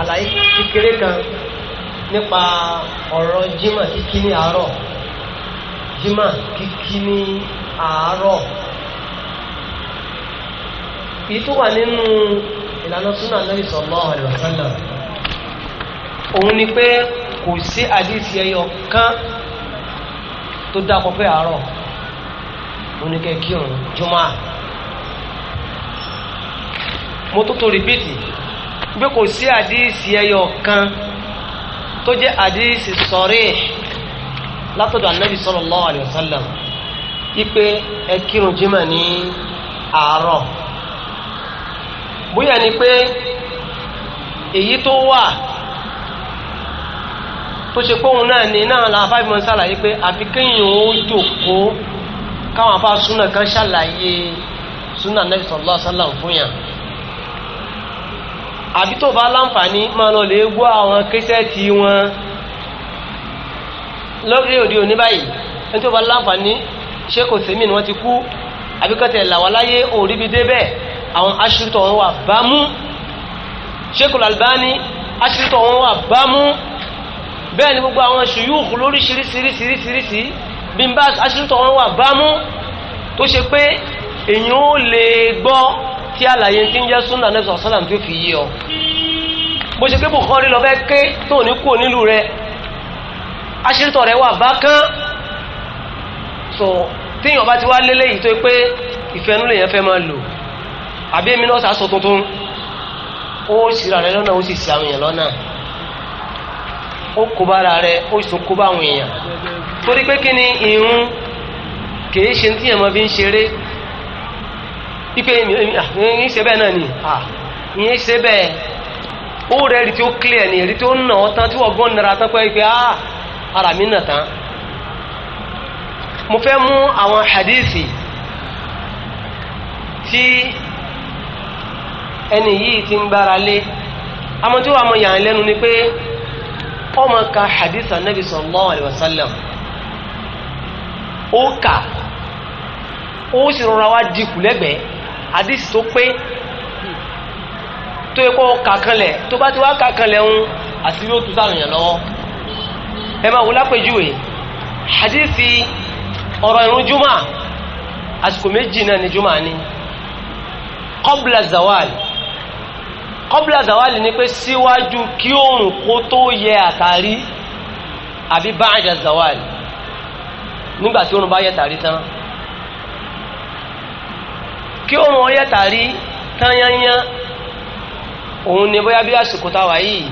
[SPEAKER 1] àlàyé kékeré kan nípa ọ̀rọ̀ jimá kíkí ní àárọ̀ jimá kíkí ní àárọ̀ èyí tó wà nínú ìlànà súnà Ànábì sallallahu alaihi wasallam òun ni pé kò sí àdìsí ẹyọ kan tó dákọ̀ pé àárọ̀ òun ni kẹ́ kírun jùmọ̀ mo tó tó rìpíìtì pé kò sí àdíìsì ẹyọ kan tó jẹ́ àdíìsì sọ̀rí látọ̀dọ̀ anábì sallallahu alaihi wasallam ipe ẹ kírun jímọ̀ ní àárọ̀ bóyá ni pé èyí tó wà tó ṣe póhun náà ni náà la five months ṣàlàyé pé àfi kéèyàn ó jòkó káwọn afá súnà kan ṣàlàyé súnà anábì sallallahu alaihi wasallam fún yàn àbí tó bá láǹfààní máa lọ lè gbọ́ àwọn kẹsẹ́ẹ̀tì wọn lórí òde òní báyìí ẹni tó bá láǹfààní ṣé kò sèmí ni wọ́n ti kú àbí kọ́tẹ̀ làwọn láyé òríbi débẹ̀ àwọn aṣítọ̀ wọn wà bámú Sheikhul Albani aṣítọ̀ wọn wà bámú bẹ́ẹ̀ ni gbogbo àwọn ṣùyúùkù lórí ṣiríṣiríṣiríṣi bimba n bá aṣítọ̀ wọn wà bámú tó ṣe pé èyàn ó lè gbọ́ tí àlàyé tí ń jẹ́ súnà náà sọ̀rọ̀ sọ́nà tó fi yí ọ bó ṣe pé Bukhari lọ bẹ́ ké tó ní kú nílùú rẹ aṣírítọ̀ rẹ wà bá kán so tíyàn bá ti wá lélẹ̀ yìí tó pé ìfẹ́nú lèyàn fẹ́ máa lò àbí èmi náà sàásọ tuntun ó ṣìra rẹ lọ́nà ó sì ṣe àwọn èèyàn lọ́nà ó kó bára rẹ ó sì kó bá àwọn èèyàn torí pé kí ni ìrun kì í ṣe tí èèyàn máa fi ń ṣeré ipe ní ah, ṣe bẹ́ẹ̀ náà ni ìyẹn ah, ṣe bẹ́ẹ̀ ó rẹ̀ rí tí ó clear ni rí tí ó nà ọ́ tán tí wọ́n gbọ́n nara tán pé pé ah, ara mi nà tán mo fẹ́ mú àwọn hadithi tí ẹni yìí ti ń gbára lé àmọ́ tí wàá mọ yàn lẹ́nu ni pé ọmọ ka hadith anabi sallallahu alayhi wa sallam ó kà ó sì rọra wá dikù lẹ́gbẹ̀ẹ́ hadith tó pé tó yẹ kó kàkànlẹ̀ tó bá ti wá kàkànlẹ̀ ń àti yóò tún sáàrùn lọ́wọ́ ẹ máa wò lápèjúwe hadithi ọ̀rọ̀ ìrun juma àsìkò méjì náà ni juma ni kọ́bùlà zawali kọ́bùlà zawali ni pé síwájú kí oòrùn kó tó yẹ àtàrí àbí báàjà zawali nígbà tí oòrùn bá yẹ tàrí tán. kí ó wọn yẹ tàrí tányányán òun ni bóyá bí àsìkò táwa yìí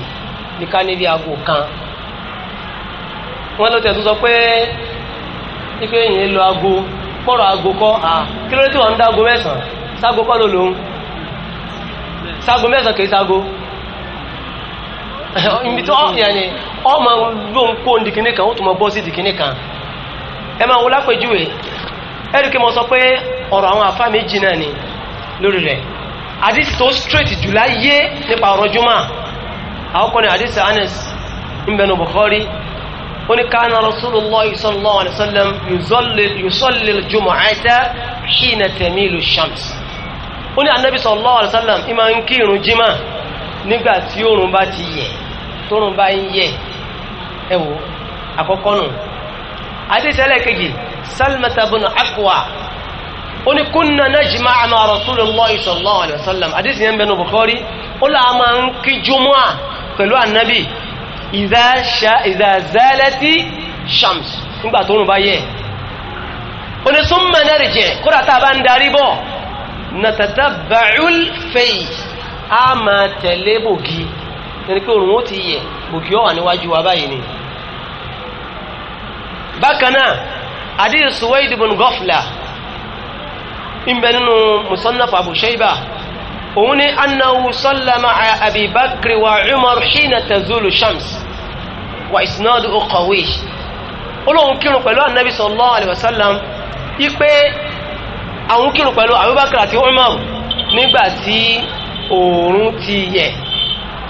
[SPEAKER 1] ní ká níbi kan wọn ló tẹ̀ tó sọ pé ipe yìí lo ago kọ́rọ̀ ago kọ́ à kí ló dé tí wọ́n ń dá aago mẹ́sàn-án ságo kọ́ ló lòun ságo mẹ́sàn-án kì í ságo ibi tí yàní ọmọ lóun kó dìkínì kan ó tún mọ bọ́ sí dìkínì kan ẹ̀rù kí mo sọ pé ọ̀rọ̀ àwọn àfá méjì náà ni lórí rẹ̀ àdìsí tó straight jùlá yé nípa ọ̀rọ̀ jùmọ̀ àkọ́kọ́ ni àdìsí anes ìbẹ̀nu Bukhari ó ní kánà Rasulullah sallallahu alaihi wasallam yusalli al-jumu'ata hina tamilu shams ó ní anabi sallallahu alaihi wasallam ìmọ̀ ń kírun jimá nígbà tí oòrùn bá ti yẹ tóòrùn bá ń yẹ ẹ wò àkọ́kọ́ nù àdìsí ẹlẹ́kejì Salmata bin Akwa ó ní kunna najma'a ma'a Rasulullahi sallallahu alaihi wasallam àdìsí yẹn bẹnu Bukhari ó là máa ń kí jumu'a pẹ̀lú ànábì idha zalati shams nígbà tó ń bá yẹ ó ní summa narji' kódà tá a bá ń darí bọ̀ natatabba'ul fay a máa tẹ̀lé bògì ẹni pé òrùn ó ti yẹ bògì ó wà níwájú wa báyìí ni bákan adíyẹ suwaid bin gọfla ń bẹ nínú musannaf abu shayba òun ni annahu sallama abi bakri wa umar hina tazulu shams wa isnadu qawi olóhun kírun pẹ̀lú anabi sallallahu alayhi wa sallam ipe àwọn kírun pẹ̀lú abubakar àti umar nígbà tí oòrùn ti yẹ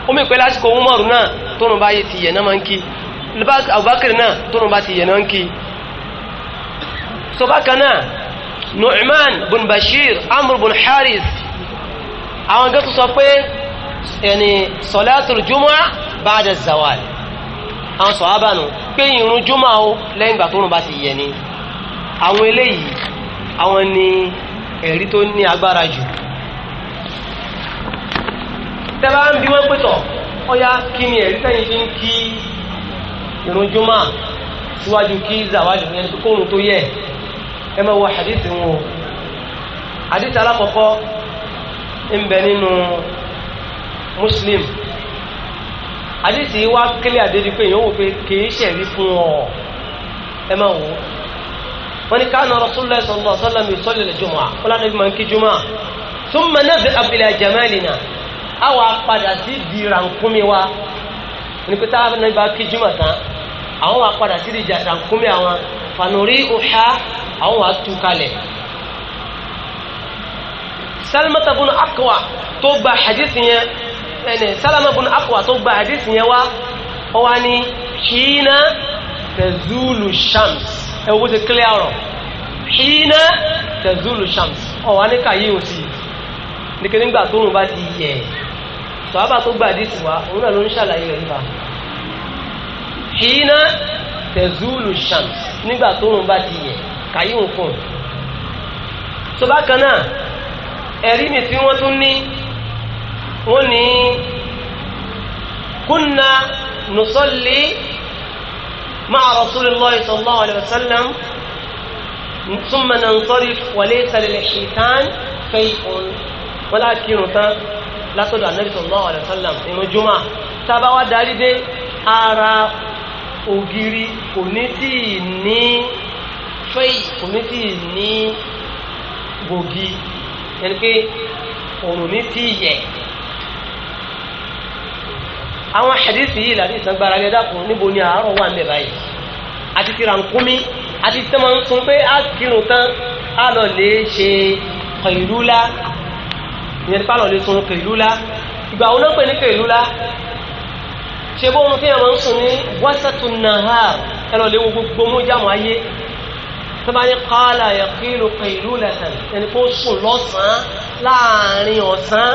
[SPEAKER 1] ó mẹ́ pẹ́ lásìkò umar náà tóun bá yẹ ti yẹ náà máa ń kí abubakar náà tóun bá ti yẹ náà ń kí so bákan náà nu'man bin bashir amr bin haris àwọn gẹ́gẹ́ tó sọ pé ẹni sọlátul jumu'a ba'da zawal àwọn sọ abánu pé ìrun jumu'a o lẹ́yìn ìgbà tó rùn bá ti yẹ ni àwọn eléyìí àwọn ni ẹ̀rí tó ní agbára jù tẹ́lá ń bí wọ́n pẹ̀tọ̀ ọya kí ni ẹ̀rí sẹ́yìn fi ń kí ìrun jumu'a síwájú kí zawal yẹn kóòrùn tó yẹ ẹ máa wọ hadith wọn o hadith alákọ̀ọ́kọ́ ń bẹ nínú muslim hadith yìí wá kílẹ̀ àdéhùn pé èèyàn wò pé kìí ṣẹ̀rí fún ọ ẹ máa wò ó wọ́n ní káàna rasulullah sallallahu alaihi wasallam yusalli al-jumu'ah wọ́n lánàá bí máa ń kí jùmọ̀ thumma nadhhab ila jamalina àwọn apadà sí di rànkúmi wa ní pé táwọn náà bá kí jùmọ̀ tán àwọn apadà sí di rànkúmi àwọn fanuri uha àwọn wàá tú kalẹ̀ salamata akwa tó gba hadith yẹn ẹnì akwa tó gba hadith yẹn wá ọ wá ní hìínà tẹ̀zúlù shams ẹ wo ti kílẹ̀ ọ̀rọ̀ hìínà tẹ̀zúlù shams ọ wá ní kàyé òsì nìkan nígbà tó rùn bá ti yẹ̀ sọ́ábà tó gba hadith wá òun náà ló ń ṣàlàyé rẹ̀ nípa hìínà tẹ̀zúlù shams nígbà tó rùn bá ti yẹ̀ kàyí òkun tó bákan náà ẹ̀rí mi tí wọ́n tún ní wọ́n ní kúnna nùsọ́lì máa Rasulullah sallallahu alaihi wasallam thumma nansarif wa laysa lil-shaytan shay'un wọ́n lákìrùn tán látọ̀dọ̀ anabi sallallahu alaihi wasallam ìrun jùmọ̀ tábà wá darí dé ara ògiri kò ní tí ì ní fẹ́yì kò ní tí ì ní gbòógì ẹni pé òrùn ní tí ì yẹ àwọn hadisi yìí làbí ìsàngbára lè dákun níbo ni àárọ̀ wà ń bẹ̀ báyìí àti ti rànkúmí àti tí wọ́n sọ pé á kírun tán á lọ lè ṣe kẹ̀lúlá ìyẹn pálọ̀ lè sun kẹ̀lúlá ìgbà wo náà pè ní kẹ̀lúlá ṣe bó ohun tí wọ́n sùn ní wásàtún náà ẹ lọ lè wo gbogbo mú jáàmù ayé tó bá ní kọ́lá yẹ̀kílù pẹ̀lú lẹ́sàn ẹni kó sùn lọ́sàn-án láàrin ọ̀sán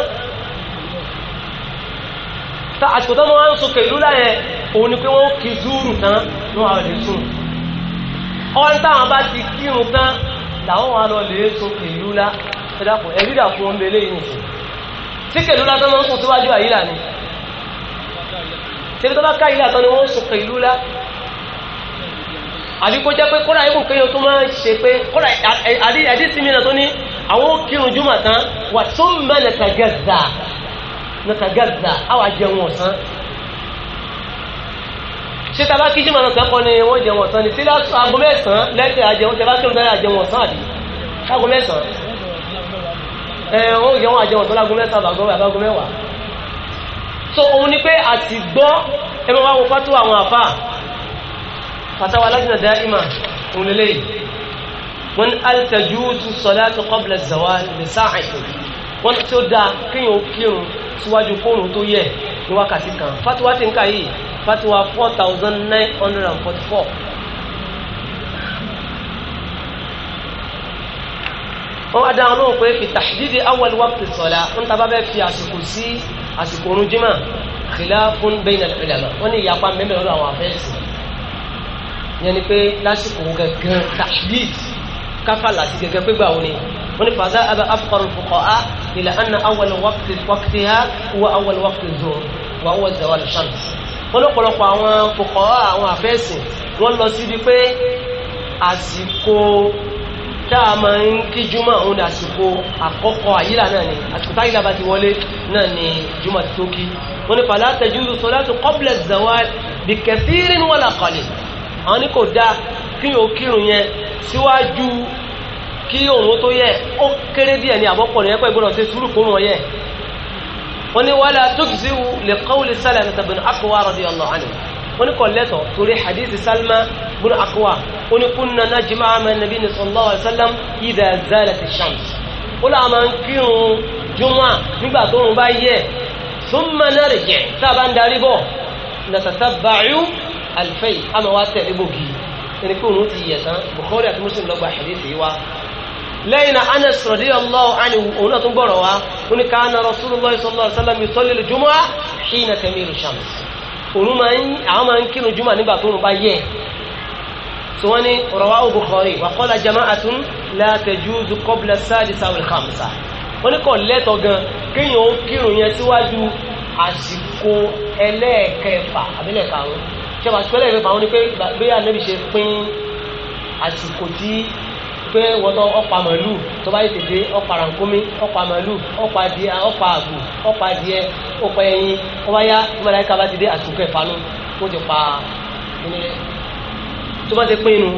[SPEAKER 1] ta àsìkò tó máa ń sọ pẹ̀lú láyẹn òun ni pé wọ́n kì zúrù tán ní wàá lè sùn ọ̀n táwọn bá ti kírun tán làwọn wà lọ lè sọ pẹ̀lú lá ẹ̀dàpọ̀ ẹ̀rí ń belé yìí nìyí tí pẹ̀lú lá tó máa ń síwájú àyílà ni tẹ̀lé tó bá ká àyílà tán ni wọ́n sọ pẹ̀lú lá àbí kó jẹ́ pé kódà ikú pé o tó máa ń ṣe pé kódà àdísí mi náà tó ní àwọn kírun júmọ̀ tán wà tó mẹ́ nàtàgẹ́zà nàtàgẹ́zà àwà jẹun ọ̀sán ṣé tàbá kí jùmọ̀ náà kọ́ ni wọ́n jẹun ọ̀sán ni sílá aago mẹ́sàn-án lẹ́sẹ̀ àjẹun tẹ́lá kírun tẹ́lá àjẹun ọ̀sán àbí aago mẹ́sàn-án ẹ̀ wọ́n jẹun àjẹun ọ̀sán láago mẹ́sàn-án àbágo mẹ́wàá so òun ni pé àtìgbọ́ ẹ fatawa lajna da'ima òun lélẹ́yìí wọ́n altajuzu salatu qabla zawal lè sáà wọ́n tó dáa kíyàn ó kírun síwájú fóònù tó yẹ ní wákàtí kan fatiwa ti ń kà yìí fatiwa four thousand nine hundred and forty four wọ́n á dáhùn lóhùn pé fi tahdidi awal waqti sọ̀la ń taba bẹ́ẹ̀ fi àsìkò sí àsìkò orun jimá khilafun bayna al-ulama wọ́n ní ìyapa mẹ́mẹ́ lọ́dọ̀ àwọn afẹ́sì yẹn ni pé lásìkò gẹ́gẹ́ tahdid káfàlà sí gẹ́gẹ́ pé gbà wo ni wọ́n ní fàzà abẹ afọkọrọ fọkọ a ilẹ̀ anna awal wákìtì wákìtì ha wọ awal wákìtì zọ wọ awal zawal shams wọ́n ní ọ̀pọ̀lọpọ̀ àwọn fọkọ àwọn àfẹ́sìn wọ́n lọ síbi pé àsìkò tá a máa ń kí juma òun ni àsìkò àkọ́kọ́ àyílà náà ni àsìkò táyílà bá ti wọlé náà ni juma ti tó kí wọ́n ní fàlà tajuzu salatu qabla zawal bi kathirin wala qalil àwọn ní kò dáa kí yóò kírun yẹn síwájú kí òun tó yẹ ó kéré díẹ̀ ní àbọ̀pọ̀ rẹ̀ pẹ̀ gbọ́dọ̀ ṣe sùúrù kó wọn yẹ wọ́n ní wàhálà tó fi sí lè kọ́wé Salama bin Akwa radiyallahu anhu wọ́n ní kò lẹ́tọ̀ torí hadithi Salama bin Akwa wọ́n ní kunna najma'u ma'a an-nabi sallallahu alaihi wasallam idha alifẹ́yì àmọ́ wa tẹ̀lé bògì ẹni pé òun ti yẹ̀ tán Bukhari àti Muslim lọ́gbà hadisi wa lẹ́yìn náà Anas radiyallahu anhu òun náà tún gbọ́rọ̀ wa ó ní kana Rasulullah sallallahu alaihi wasallam yusalli al-jumu'a hina tamiru shams òun máa ń àwọn máa ń kírun jùmọ̀ nígbà tó ń bá yẹ tí wọ́n ní rọwá Bukhari wa qala jama'atun la tajuzu qabla as-sadisa wal khamsa wọ́n ní kò gan kéèyàn ó yẹn síwájú àsìkò ẹlẹ́ẹ̀kẹfà àbílẹ̀ karùn ṣe wà sípẹ́lẹ̀ ìwé fàwọn ni pé bí ànábì ṣe pín àsìkò tí pé wọ́tọ́ ọ̀pá màálù tó bá yìí tètè ọ̀pá rànkúmí ọ̀pá màálù ọ̀pá adìẹ ọ̀pá àgbò ọ̀pá adìẹ ọ̀pá ẹyin ọba yá ìmọ̀lá yìí ká bá ti dé àsìkò ẹ̀fà nù wọ́n ti pa ẹnìyẹn tó bá ti pín inú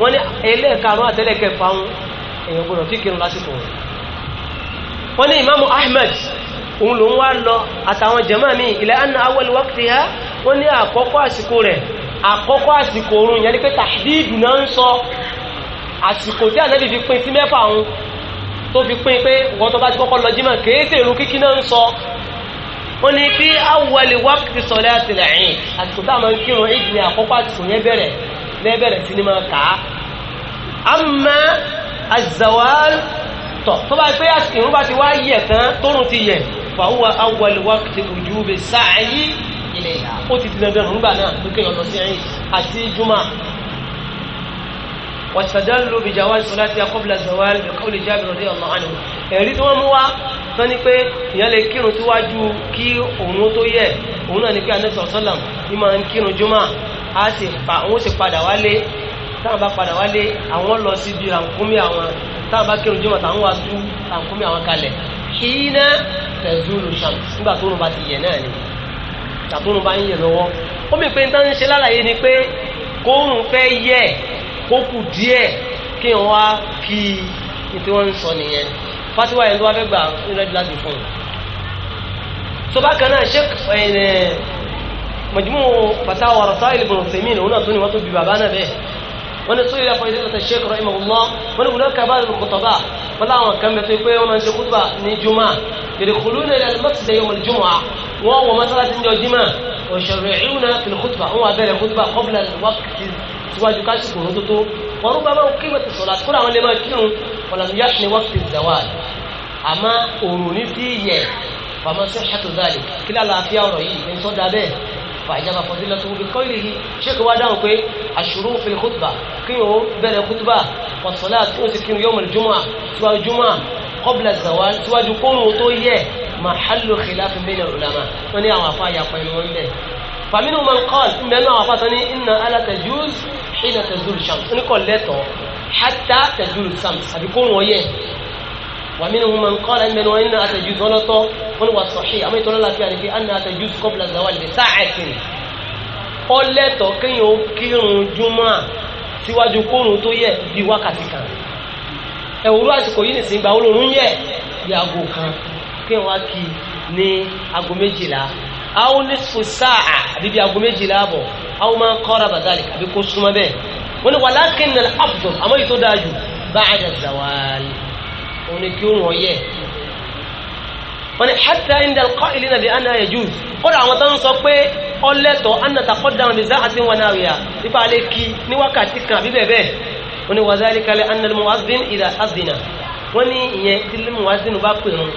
[SPEAKER 1] wọ́n ní ẹlẹ́ẹ̀karùn àtẹ́lẹ̀kẹfà ń èèyàn gbọ́dọ̀ fíkìrún lásìkò wọ́n ní ìmáàmù Ahmed òun ló ń wá lọ àtàwọn jàmáà mi ila anna awwal waqtiha wọ́n ní àkọ́kọ́ àsìkò rẹ̀ àkọ́kọ́ àsìkò oorun yẹn ni pé tàdíìdù náà ń sọ àsìkò tí ànábì fi pín sí mẹ́fà òun tó fi pín pé wọ́n tó bá ti kọ́kọ́ lọ jímọ̀ kìí sì irun kíkí náà ń sọ wọ́n ní kí awwal waqti salatil Eid àsìkò tá a máa ń kírun Eid ní àkọ́kọ́ àsìkò yẹn bẹ̀rẹ̀ lẹ́bẹ̀rẹ̀ sí ni máa kà á tọ̀ tó bá pé ìrun bá ti wá yẹ̀ tán tórun ti yẹ̀ fàáwà awàlúwà ti ojú bẹ sáàyí ilẹ̀ ó ti ti dandan nígbà náà tó kéèyàn lọ sí ẹ̀yìn àti juma wàtàdánlò bìjà wá sọ láti akọ́bìlà zawal ẹ̀kọ́ lè jábìrò dé ọ̀nà àná ẹ̀rí tí wọ́n mú wá tán ni pé ìyẹn lè kírun síwájú kí òun tó yẹ òun náà ni pé anẹ́sọ̀ sọ́làm ní máa ń kírun juma á sì pa òun sì padà wálé táwọn bá padà wálé àwọn lọ síbi rànkúnmí àwọn táwọn bá kírun jùmọ̀ táwọn wá tú àǹkúmí àwọn kalẹ̀ hìnà tẹ̀zúlù sàm nígbà tó rùn bá ti yẹ náà ni nígbà tó rùn bá ń yẹ lọ́wọ́ ó mi pé nítorí ṣe lálàyé ni pé kóòrùn fẹ́ yẹ kó kù díẹ̀ kí wọ́n wá kí ní tí wọ́n ń sọ nìyẹn fatiwa yẹn ló wá fẹ́ gbà ń láti fún un. so bákan náà ṣe mọ̀júmọ́ pàtàwọ̀ ọ̀rọ̀ sáà ìlú bọ̀rọ̀ sẹ́mìn òun náà tó wọ́n ní sóyè lẹ́fọ̀ ìdílé tẹ̀ ṣéèkì rọ́ìmọ̀ wọ́n wọ́n ní wùlọ́ kaba ló kọ̀tọ̀ bá wọ́n láwọn kan bẹ̀ tó pé wọ́n máa ń ṣe kútùbà ní juma yèrè kúlú ní ilẹ̀ mọ́tìlẹ̀ yẹn wọ́n juma wọ́n wọ́n mọ́sálásí ń jọ jimá òṣèré ìwúna fìlì kútùbà wọ́n wà bẹ̀rẹ̀ kútùbà kọ́bìlà wákìtì síwájú kásìkò ní tótó wọ́n rúbà máa fàìjàbà fọdílà tó wọbi kọ́ ìrìhì ṣéèkì wá dáhùn pé àṣùrù fil khutba kí o bẹ̀rẹ̀ khutba wàsọ̀lá tí ó sì kí yọmọ jùmọ̀ síwájú jùmọ̀ qabla zawal síwájú kóòrùn tó yẹ mahallu khilafin bayna ulama wọn ní àwọn afá yàpá inú wọn bẹ fàmínú man qala mẹ́nu ومنهم من قال ان وان اتجوز غلطه قل والصحيح اما يقول لك يعني ان اتجوز قبل الزوال بساعه قل لتو كيو كيرun juma síwájú kórun tó yẹ di wákàtí kan ẹwùrú àsìkò yìí nìsín gba olórun yẹ di aago kan kí wọn kí ní aago méjìlá àwọn oníṣòwò sáà àbí bí aago méjìlá àbọ̀ àwọn máa ń kọ́ra bàtàlì àbí kó súnmọ́ bẹ́ẹ̀ wọ́n ní wàlákìn náà abdul òun ni kí ó wọ̀n yẹ wọ́n ni hatta inda al-qa'ilina bi anna yajuz kọ́dà àwọn tó ń sọ pé ọlẹ́tọ̀ anata kọ́dà bi sa'atin wa nawiya nípa alẹ́ kí ní wákàtí kan àbí bẹ́ẹ̀ bẹ́ẹ̀ wọ́n ni wa dhalika li anna al-mu'adhdhin idha adhdhina wọ́n ní ìyẹn tí al-mu'adhdhin bá pè wọn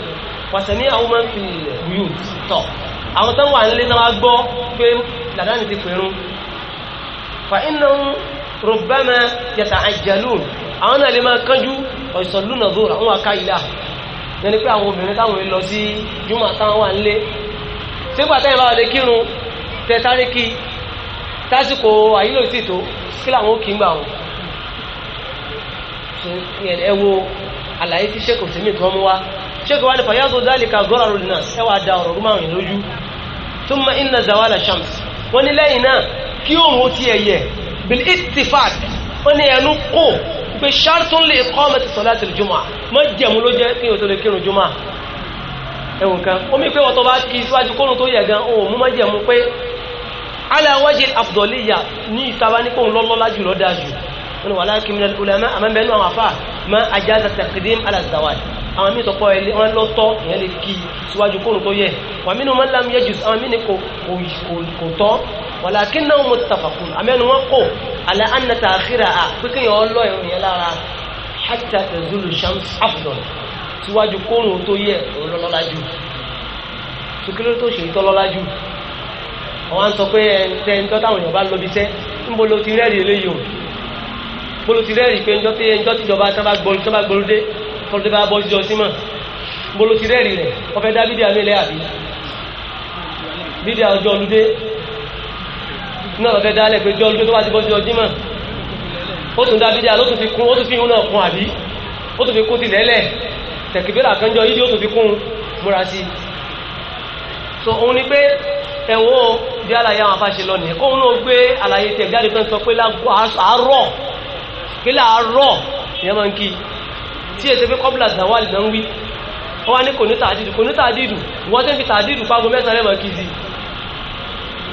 [SPEAKER 1] wàsàmí àwọn máa ń fi buyut tọ̀ àwọn tó ń wà nílé náà gbọ́ pé dàdá mi ti pè wọn fa innahum rubbama yata'ajjalun àwọn náà lè máa kánjú ọ̀sọ̀ lúnà dóòrà wọn ká ilá yẹn ni pé àwọn obìnrin táwọn lọ sí júmọ̀ táwọn wà nílé sígbà táyìn bá wà lè kírun tẹ sáré kí tásìkò àyílò sì tó kí làwọn ó kì í gbà wọn ẹ wo àlàyé tí sẹ́kù sí mi tó mú wa sẹ́kù wa ni fàyàgò dálìkà gọ́rà rò nà ẹ da ọ̀rọ̀ rúmọ̀ àwọn lójú tó mọ iná zawala shams wọn ni lẹ́yìn náà kí òun ó ti ẹ̀yẹ bil ittifaq wọn ni ẹnu kò pé ṣáàtún lè kọ́ ọmọ ti sọ̀lá ti jùmọ̀ mọ́ jẹ̀mú ló jẹ́ kí o tó lè kírun jùmọ̀ ẹ̀wọ̀n kan omi pé wọ́n tó bá kí síwájú kórun tó yẹ gan òun mú mọ́ jẹ̀mú pé aláwọ́jì afdọ́líyà ní ìtaba ní kóun lọ́lọ́lá jù lọ́dà jù wọn wà láàkí mílẹ̀ ulama àmọ́bẹ̀ nù àwọn afá mọ́ ajáza taqdim ala zawaj àwọn míì tọpọ ẹlẹ walakinnahum muttafaqun àmẹ́nu wọn kò ala anna ta'khiraha pínpín yọ ọlọ́ ìrùn yẹn lára hatta tazulu shams afdal síwájú kóòrùn tó yẹ òlọ́lọ́lájú sókèlè tó ṣe ìtọ́lọ́lájú àwọn à ń sọ pé ẹ̀ ń tọ́ táwọn èèyàn bá lọ bí sẹ́ ń bolo ti rẹ́ẹ̀rì eléyìí o bolo ti rẹ́ẹ̀rì pé ńjọ́ tí ńjọ́ tí ìjọba tán bá gbọ́ tán bá gbọ́lódé kọ́lódé bá bọ́ síjọ símọ̀ bolo ti rẹ́ẹ̀rì rẹ̀ wọ́n fẹ́ dá bídíà mílẹ̀ àbí bídíà ọjọ́ olùdé iná lọ́fẹ́ dálẹ̀ pé jọ lójú tó bá ti bọ́ ọjímọ̀ ó tún dábídé àló tún fi kún ó tún fi húnà kún àbí ó tún fi kún ti lẹ́lẹ̀ tẹ̀kìbẹ́rà kanjọ yídí ó tún fi kún múra sí so òun ni pé ẹ̀wọ́n bí àlàyé àwọn afáṣe lọ nìyẹn kóun náà gbé àlàyé tẹ̀ jáde tó ń sọ pé àárọ̀ pé láàárọ̀ ìyẹn máa ń kí tí èsè pé kọ́bùlà zawali náà ń wí ó wá ní kò ní tàdídù kò ní tàdídù wọ́n tẹ́ fi tàdídù pàgọ́ mẹ́sàn-án rẹ̀ máa kí sí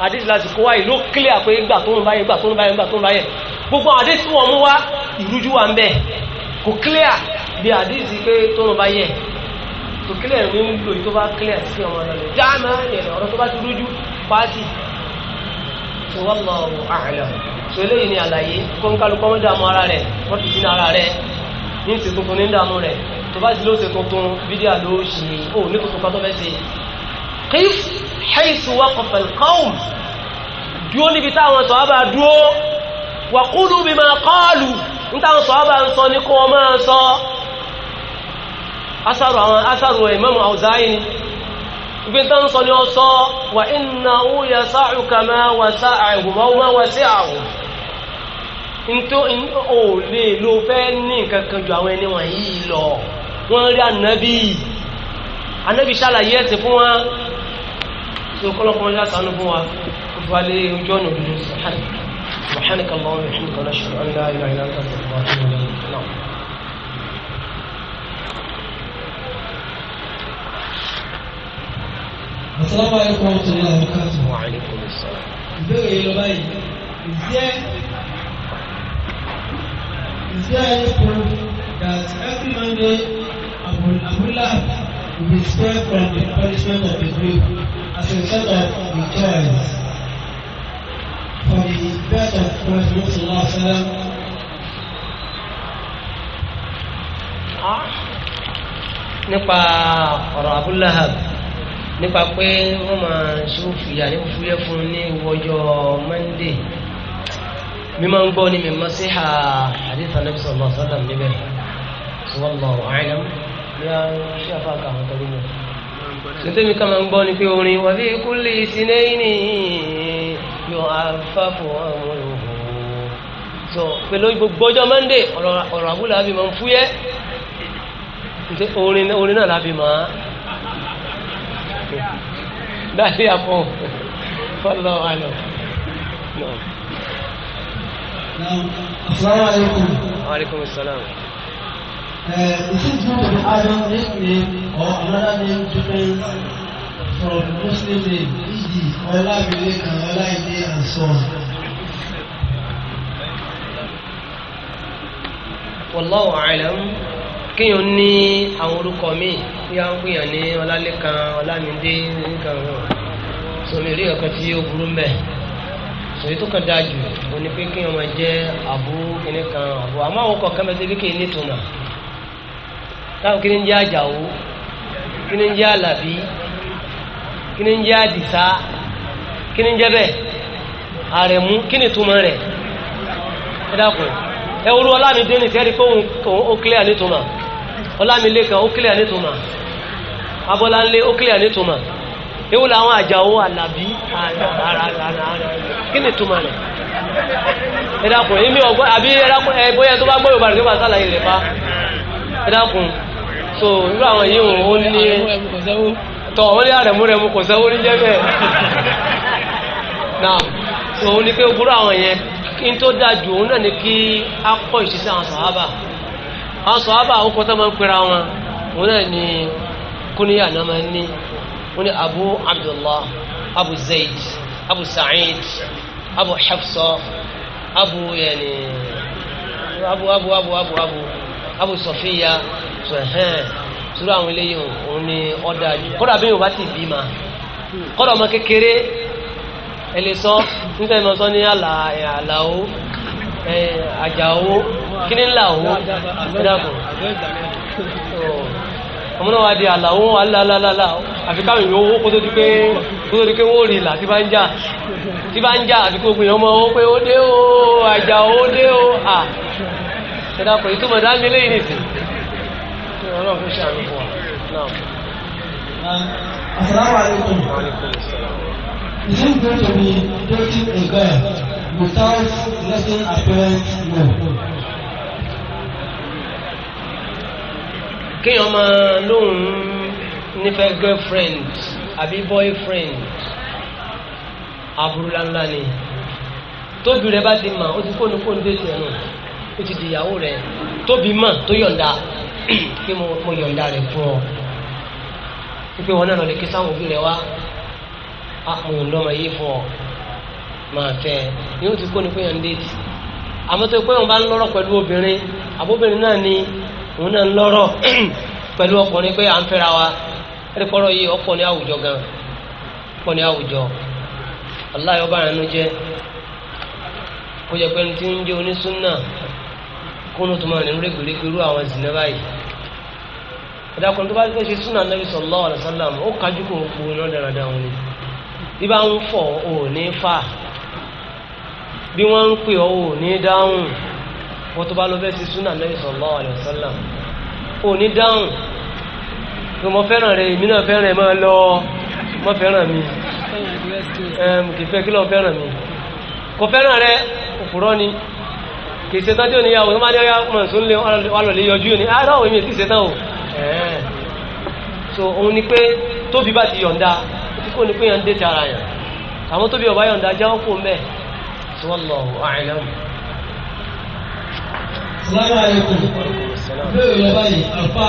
[SPEAKER 1] àdéhùn láti kó wá ìlú kílẹ̀ pé gbà tó ń báyẹn gbà tó ń báyẹn gbà tó ń báyẹn gbogbo àdéhùn tí wọ́n mú wá ìrújú wa ń bẹ̀ kò kílẹ̀ bí àdéhùn pé tó ń báyẹn kò kílẹ̀ ní ń lò tó bá kílẹ̀ sí ọmọ rẹ̀ lọ jáàmù ẹ̀rẹ̀ ọ̀rọ̀ tó bá ti rújú pàtì tó wọ́n lọ àhàlẹ̀ tó eléyìí ni àlàyé kó ń kálukọ́ mọ́ dààmú ara rẹ̀ wọ́n ti dín ara rẹ̀ ní ìsìn tuntun ní dààmú rẹ̀ tó bá ti lóṣè tuntun fídíà ló ṣe ó ní tuntun kan tó fẹ́ ṣe kí haythu waqafa al-qawm dúó níbi táwọn sọ̀hábà dúó wa qulu bima qalu ní táwọn sọ̀hábà ń sọ ní kó wọ́n máa sọ asaru àwọn asaru Imam Awza'i ni ibi tó ń sọ ní ọsọ wa innahu yasa'uka ma wasa'ahu ma wasi'ahu ntó ò ṣàlàyé ẹ̀sìn fún wọn tó kọ́lọ́kọ́ yá sànú fún wa kó fi wá lé ojú ọ̀nà òdodo sàhánì sàhánì kàlọ́ ọ̀rọ̀
[SPEAKER 3] ìṣúná kan láṣọ ọ̀lá ìlà ìlà ìlà ìlà ìlà ìlà Assalamu alaikum wa rahmatullahi wa barakatuh. Wa alaikum assalam. Ìbéèrè yìí lọ báyìí. Ǹjẹ́ Is there any proof that every Monday Abu, Abu Lahab will be spared from the punishment of the grave? as a result of return from the death of Prophet Muhammad
[SPEAKER 1] nípa ọ̀rọ̀ abúláhàb nípa pé wọ́n máa ṣe òfìyà ní fúyẹ́ fún ní wọ́jọ́ mọ́ndé mímọ́ ń gbọ́ ní mímọ́ sí ha àdìsá nàbí sọ̀rọ̀ sọ́dọ̀ níbẹ̀ sọ́wọ́n lọ́wọ́ àìlẹ́mú
[SPEAKER 3] bí a ń ṣe àfáàkà àwọn tọ́lú mọ́
[SPEAKER 1] sọtẹ́mi ká máa ń gbọ́ ni pé orin wà bí kulli sinayni yóò afáfọ̀ àwọn òhun sọ pẹ̀lú gbogbo ọjọ́ mọ́ndé ọ̀rọ̀ àbúlà àbí máa ń fúyẹ́ orin náà lábí máa dáadé àpọ̀ fọlọ́ àlọ́. Assalamu alaikum. Wa alaikum
[SPEAKER 3] Uh, is it due to the Adam name or another name different from Muslim name, e.g., Ola Bileka, Ola Ide, and so on? Wallahu alam
[SPEAKER 1] kéèyàn ní àwọn orúkọ míì bí a ń pèèyàn ní ọlálẹ́kan ọlámídé nǹkan náà sọmi rí ọ̀kan tí ó burú mbẹ́ sòyí tó kàn dáa jù ó ní pé kéèyàn máa jẹ́ àbú kìnìkan àbú àmọ́ àwọn kọ̀ọ̀kan bẹ́ẹ̀ tẹ́lẹ̀ kéèyàn nítumọ̀. táwọn kí ni ń jẹ́ àjàwó kí ni ń jẹ́ àlàbí kí ni ń jẹ́ àdìsá kí ni ń jẹ́ bẹ́ẹ̀ àrẹ̀mú kí ni túmọ̀ rẹ̀ ẹ dákun ẹ wúlò ọlámidé ní sẹ́ẹ̀rí pé òun ó kílẹ̀ nítumọ̀ ọlámilé kan ó kílẹ̀ nítumọ̀ abọ́láńlé ó kílẹ̀ nítumọ̀ ewu làwọn àjàwó àlàbí kí ni túmọ̀ rẹ̀
[SPEAKER 4] ẹ dákun ẹ bóyá tó bá gbọ́ Yorùbá rẹ̀ sálàyé rẹ̀ bá
[SPEAKER 1] ẹ dákun. so irú àwọn yìí wọn ó ní tọ́ wọ́n ní àrẹ̀múrẹ̀mú kò sẹ́wó ní jẹ́bẹ̀ náà so ó ní pé ogúrú àwọn yẹn kí n tó dájú òun náà ni kí á kọ́ ìṣiṣẹ́ àwọn sọ̀hábà àwọn sọ̀hábà ó kọ́ ń pera wọn òun náà ni kúníyà náà máa ń ní wọ́n ní abu abdullah abu zayd abu sa'id abu hafsa abu yẹn ni abu abu abu abu sọfíya sọ̀hẹ́n sùúrù àwọn eléyìí òun ni ọ̀dà kọ́dà bí yóò bá ti bí ma kọ́dà ọmọ kékeré ẹ lè sọ nítorí wọn sọ ní àlà àlàó àjàó kí ni làó dàbò ọmọ náà wá di àlàó alálálálá àfi káwọn èèyàn owó di pé kó di pé wọ́n rí ìlà tí bá ń jà tí bá ń jà àti kó gbìyànjú ọmọ owó pé ó dé o àjàó ó dé o
[SPEAKER 3] à ẹ̀dá kò yí túmọ̀ dáńdé lẹ́yìn nìsín. ọlọ́run fún ṣàánú fún wa. asalaamualeykum. Is it going to be dating a girl without letting her parents know?
[SPEAKER 1] kéèyàn máa lóun nífẹ̀ẹ́ girlfriend àbí boyfriend aburú ńláńlá ni tóbi rẹ bá ti mọ̀ ó ti kóni kóni ó ti di ìyàwó rẹ̀ tóbi mọ̀ tó yọ̀ǹda kí mo yọ̀ǹda rẹ̀ fún ọ wípé wọn náà lọ lè ké sáwọn òbí rẹ wá mo yọ̀ǹda yìí fún ọ máa fẹ́ ni ó ti kó ni pé yàn déètì àmọ́ tó pé wọn bá ni òun náà ń lọ́rọ̀ pẹ̀lú ọkùnrin pé à ń fẹ́ra wa ẹ̀rí pọ́rọ̀ yìí ọ̀pọ̀ ní àwùjọ gan ọ̀pọ̀ ní àwùjọ aláyọ̀ bá rẹ̀ nu kó kónú tó máa nínú rẹ́gbẹ̀rẹ́gbẹ̀ irú àwọn zìnà báyìí ìdákùnrin tó bá fẹ́ ṣe súnà nàbí sallallahu alaihi ó kájú kó o kúrò ni bí bá ń fọ̀ ò ní fà bí wọ́n ń pè ọ́ ò ní dáhùn wọ́n tó bá lọ fẹ́ ṣe súnà nàbí ò ní dáhùn tó mọ fẹ́ràn èmi kì í ṣe tán tí ò ní yàwó tó máa ní ọyá mọ̀sùn lé wà lọ lè yọjú ní ara ah, òun mi ti ṣe tán o so òun ni pé tóbi bá ti yọ̀ǹda kò ní pé yàn ń dé ti ara yàn àwọn tóbi ọ̀bá yọ̀ǹda jáwọ́ kó mẹ́ wallahu a'lam.
[SPEAKER 3] Assalamu alaikum bẹ́ẹ̀ yọ báyìí àfa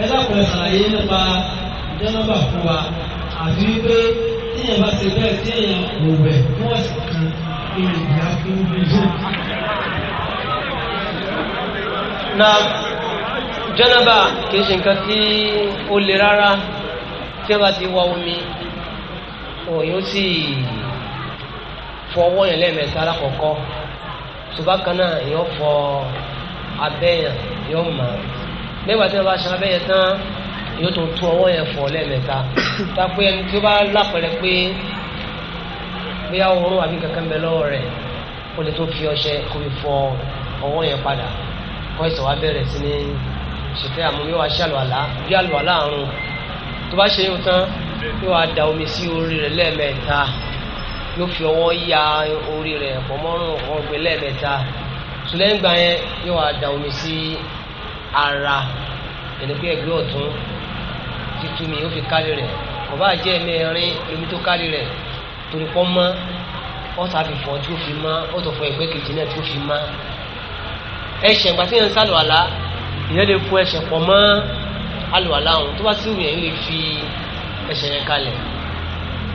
[SPEAKER 3] ẹ dákun ẹ ṣàlàyé nípa jẹ́nàbà fún wa àti wípé tíyẹn bá ṣe bẹ́ẹ̀ tíyẹn kò wẹ̀ fún ọ̀sẹ̀ kan ìrìn ìyá fún ojú
[SPEAKER 1] na jẹ́nàbà kìí ṣe nǹkan tí ó le rárá tí ó bá ti wá omi òun yóò sì fọwọ́ yẹn lẹ́ẹ̀mẹ́ta lákọ̀ọ́kọ́ ṣùgbọ́n kan náà yóò fọ abẹ́yàn yóò mọ̀ lẹ́gbàá tí wọ́n bá ṣe abẹ́yẹn tán yóò tó tú ọwọ́ yẹn fọ lẹ́ẹ̀mẹ́ta tápé ẹni tí ó bá lápẹ̀rẹ̀ pé bóyá oorun àbí kankan bẹ lọ́wọ́ rẹ̀ ó lè tó fi ọṣẹ kó fi fọ ọwọ́ yẹn padà wọ́n ìṣẹ̀wá bẹ̀rẹ̀ sí ní ṣètẹ́ àmú yóò wá ṣe àlùwàlá bí àlùwàlá àrùn tó bá ṣe yóò tán yóò wá da omi sí orí rẹ̀ lẹ́ẹ̀mẹ́ta yóò fi ọwọ́ ya orí rẹ̀ pọ̀mọ́rún ọ̀gbìn lẹ́ẹ̀mẹ́ta sùlẹ́ǹgbà yẹn yóò wá da omi sí ara ẹni pé ẹgbẹ́ ọ̀tún tuntun mi yóò fi kárí rẹ̀ bàbá jẹ́ ẹ̀mẹ́rin lomi tó kárí rẹ̀ torí pọ́ mọ́ ọ̀sà fìfọ́ tí ó fi mọ́ ọ̀tọ̀fọ̀ ẹgbẹ́ kejì náà tí ó fi mọ́ ẹ̀ṣẹ̀ ìgbà tí yẹn ń sàlùwàlá ìyẹn lè fún ẹ̀ṣẹ̀ pọ̀ mọ́ àlùwàlá ọ̀hún tó bá sì wù yẹn lè fi ẹ̀ṣẹ̀ yẹn kalẹ̀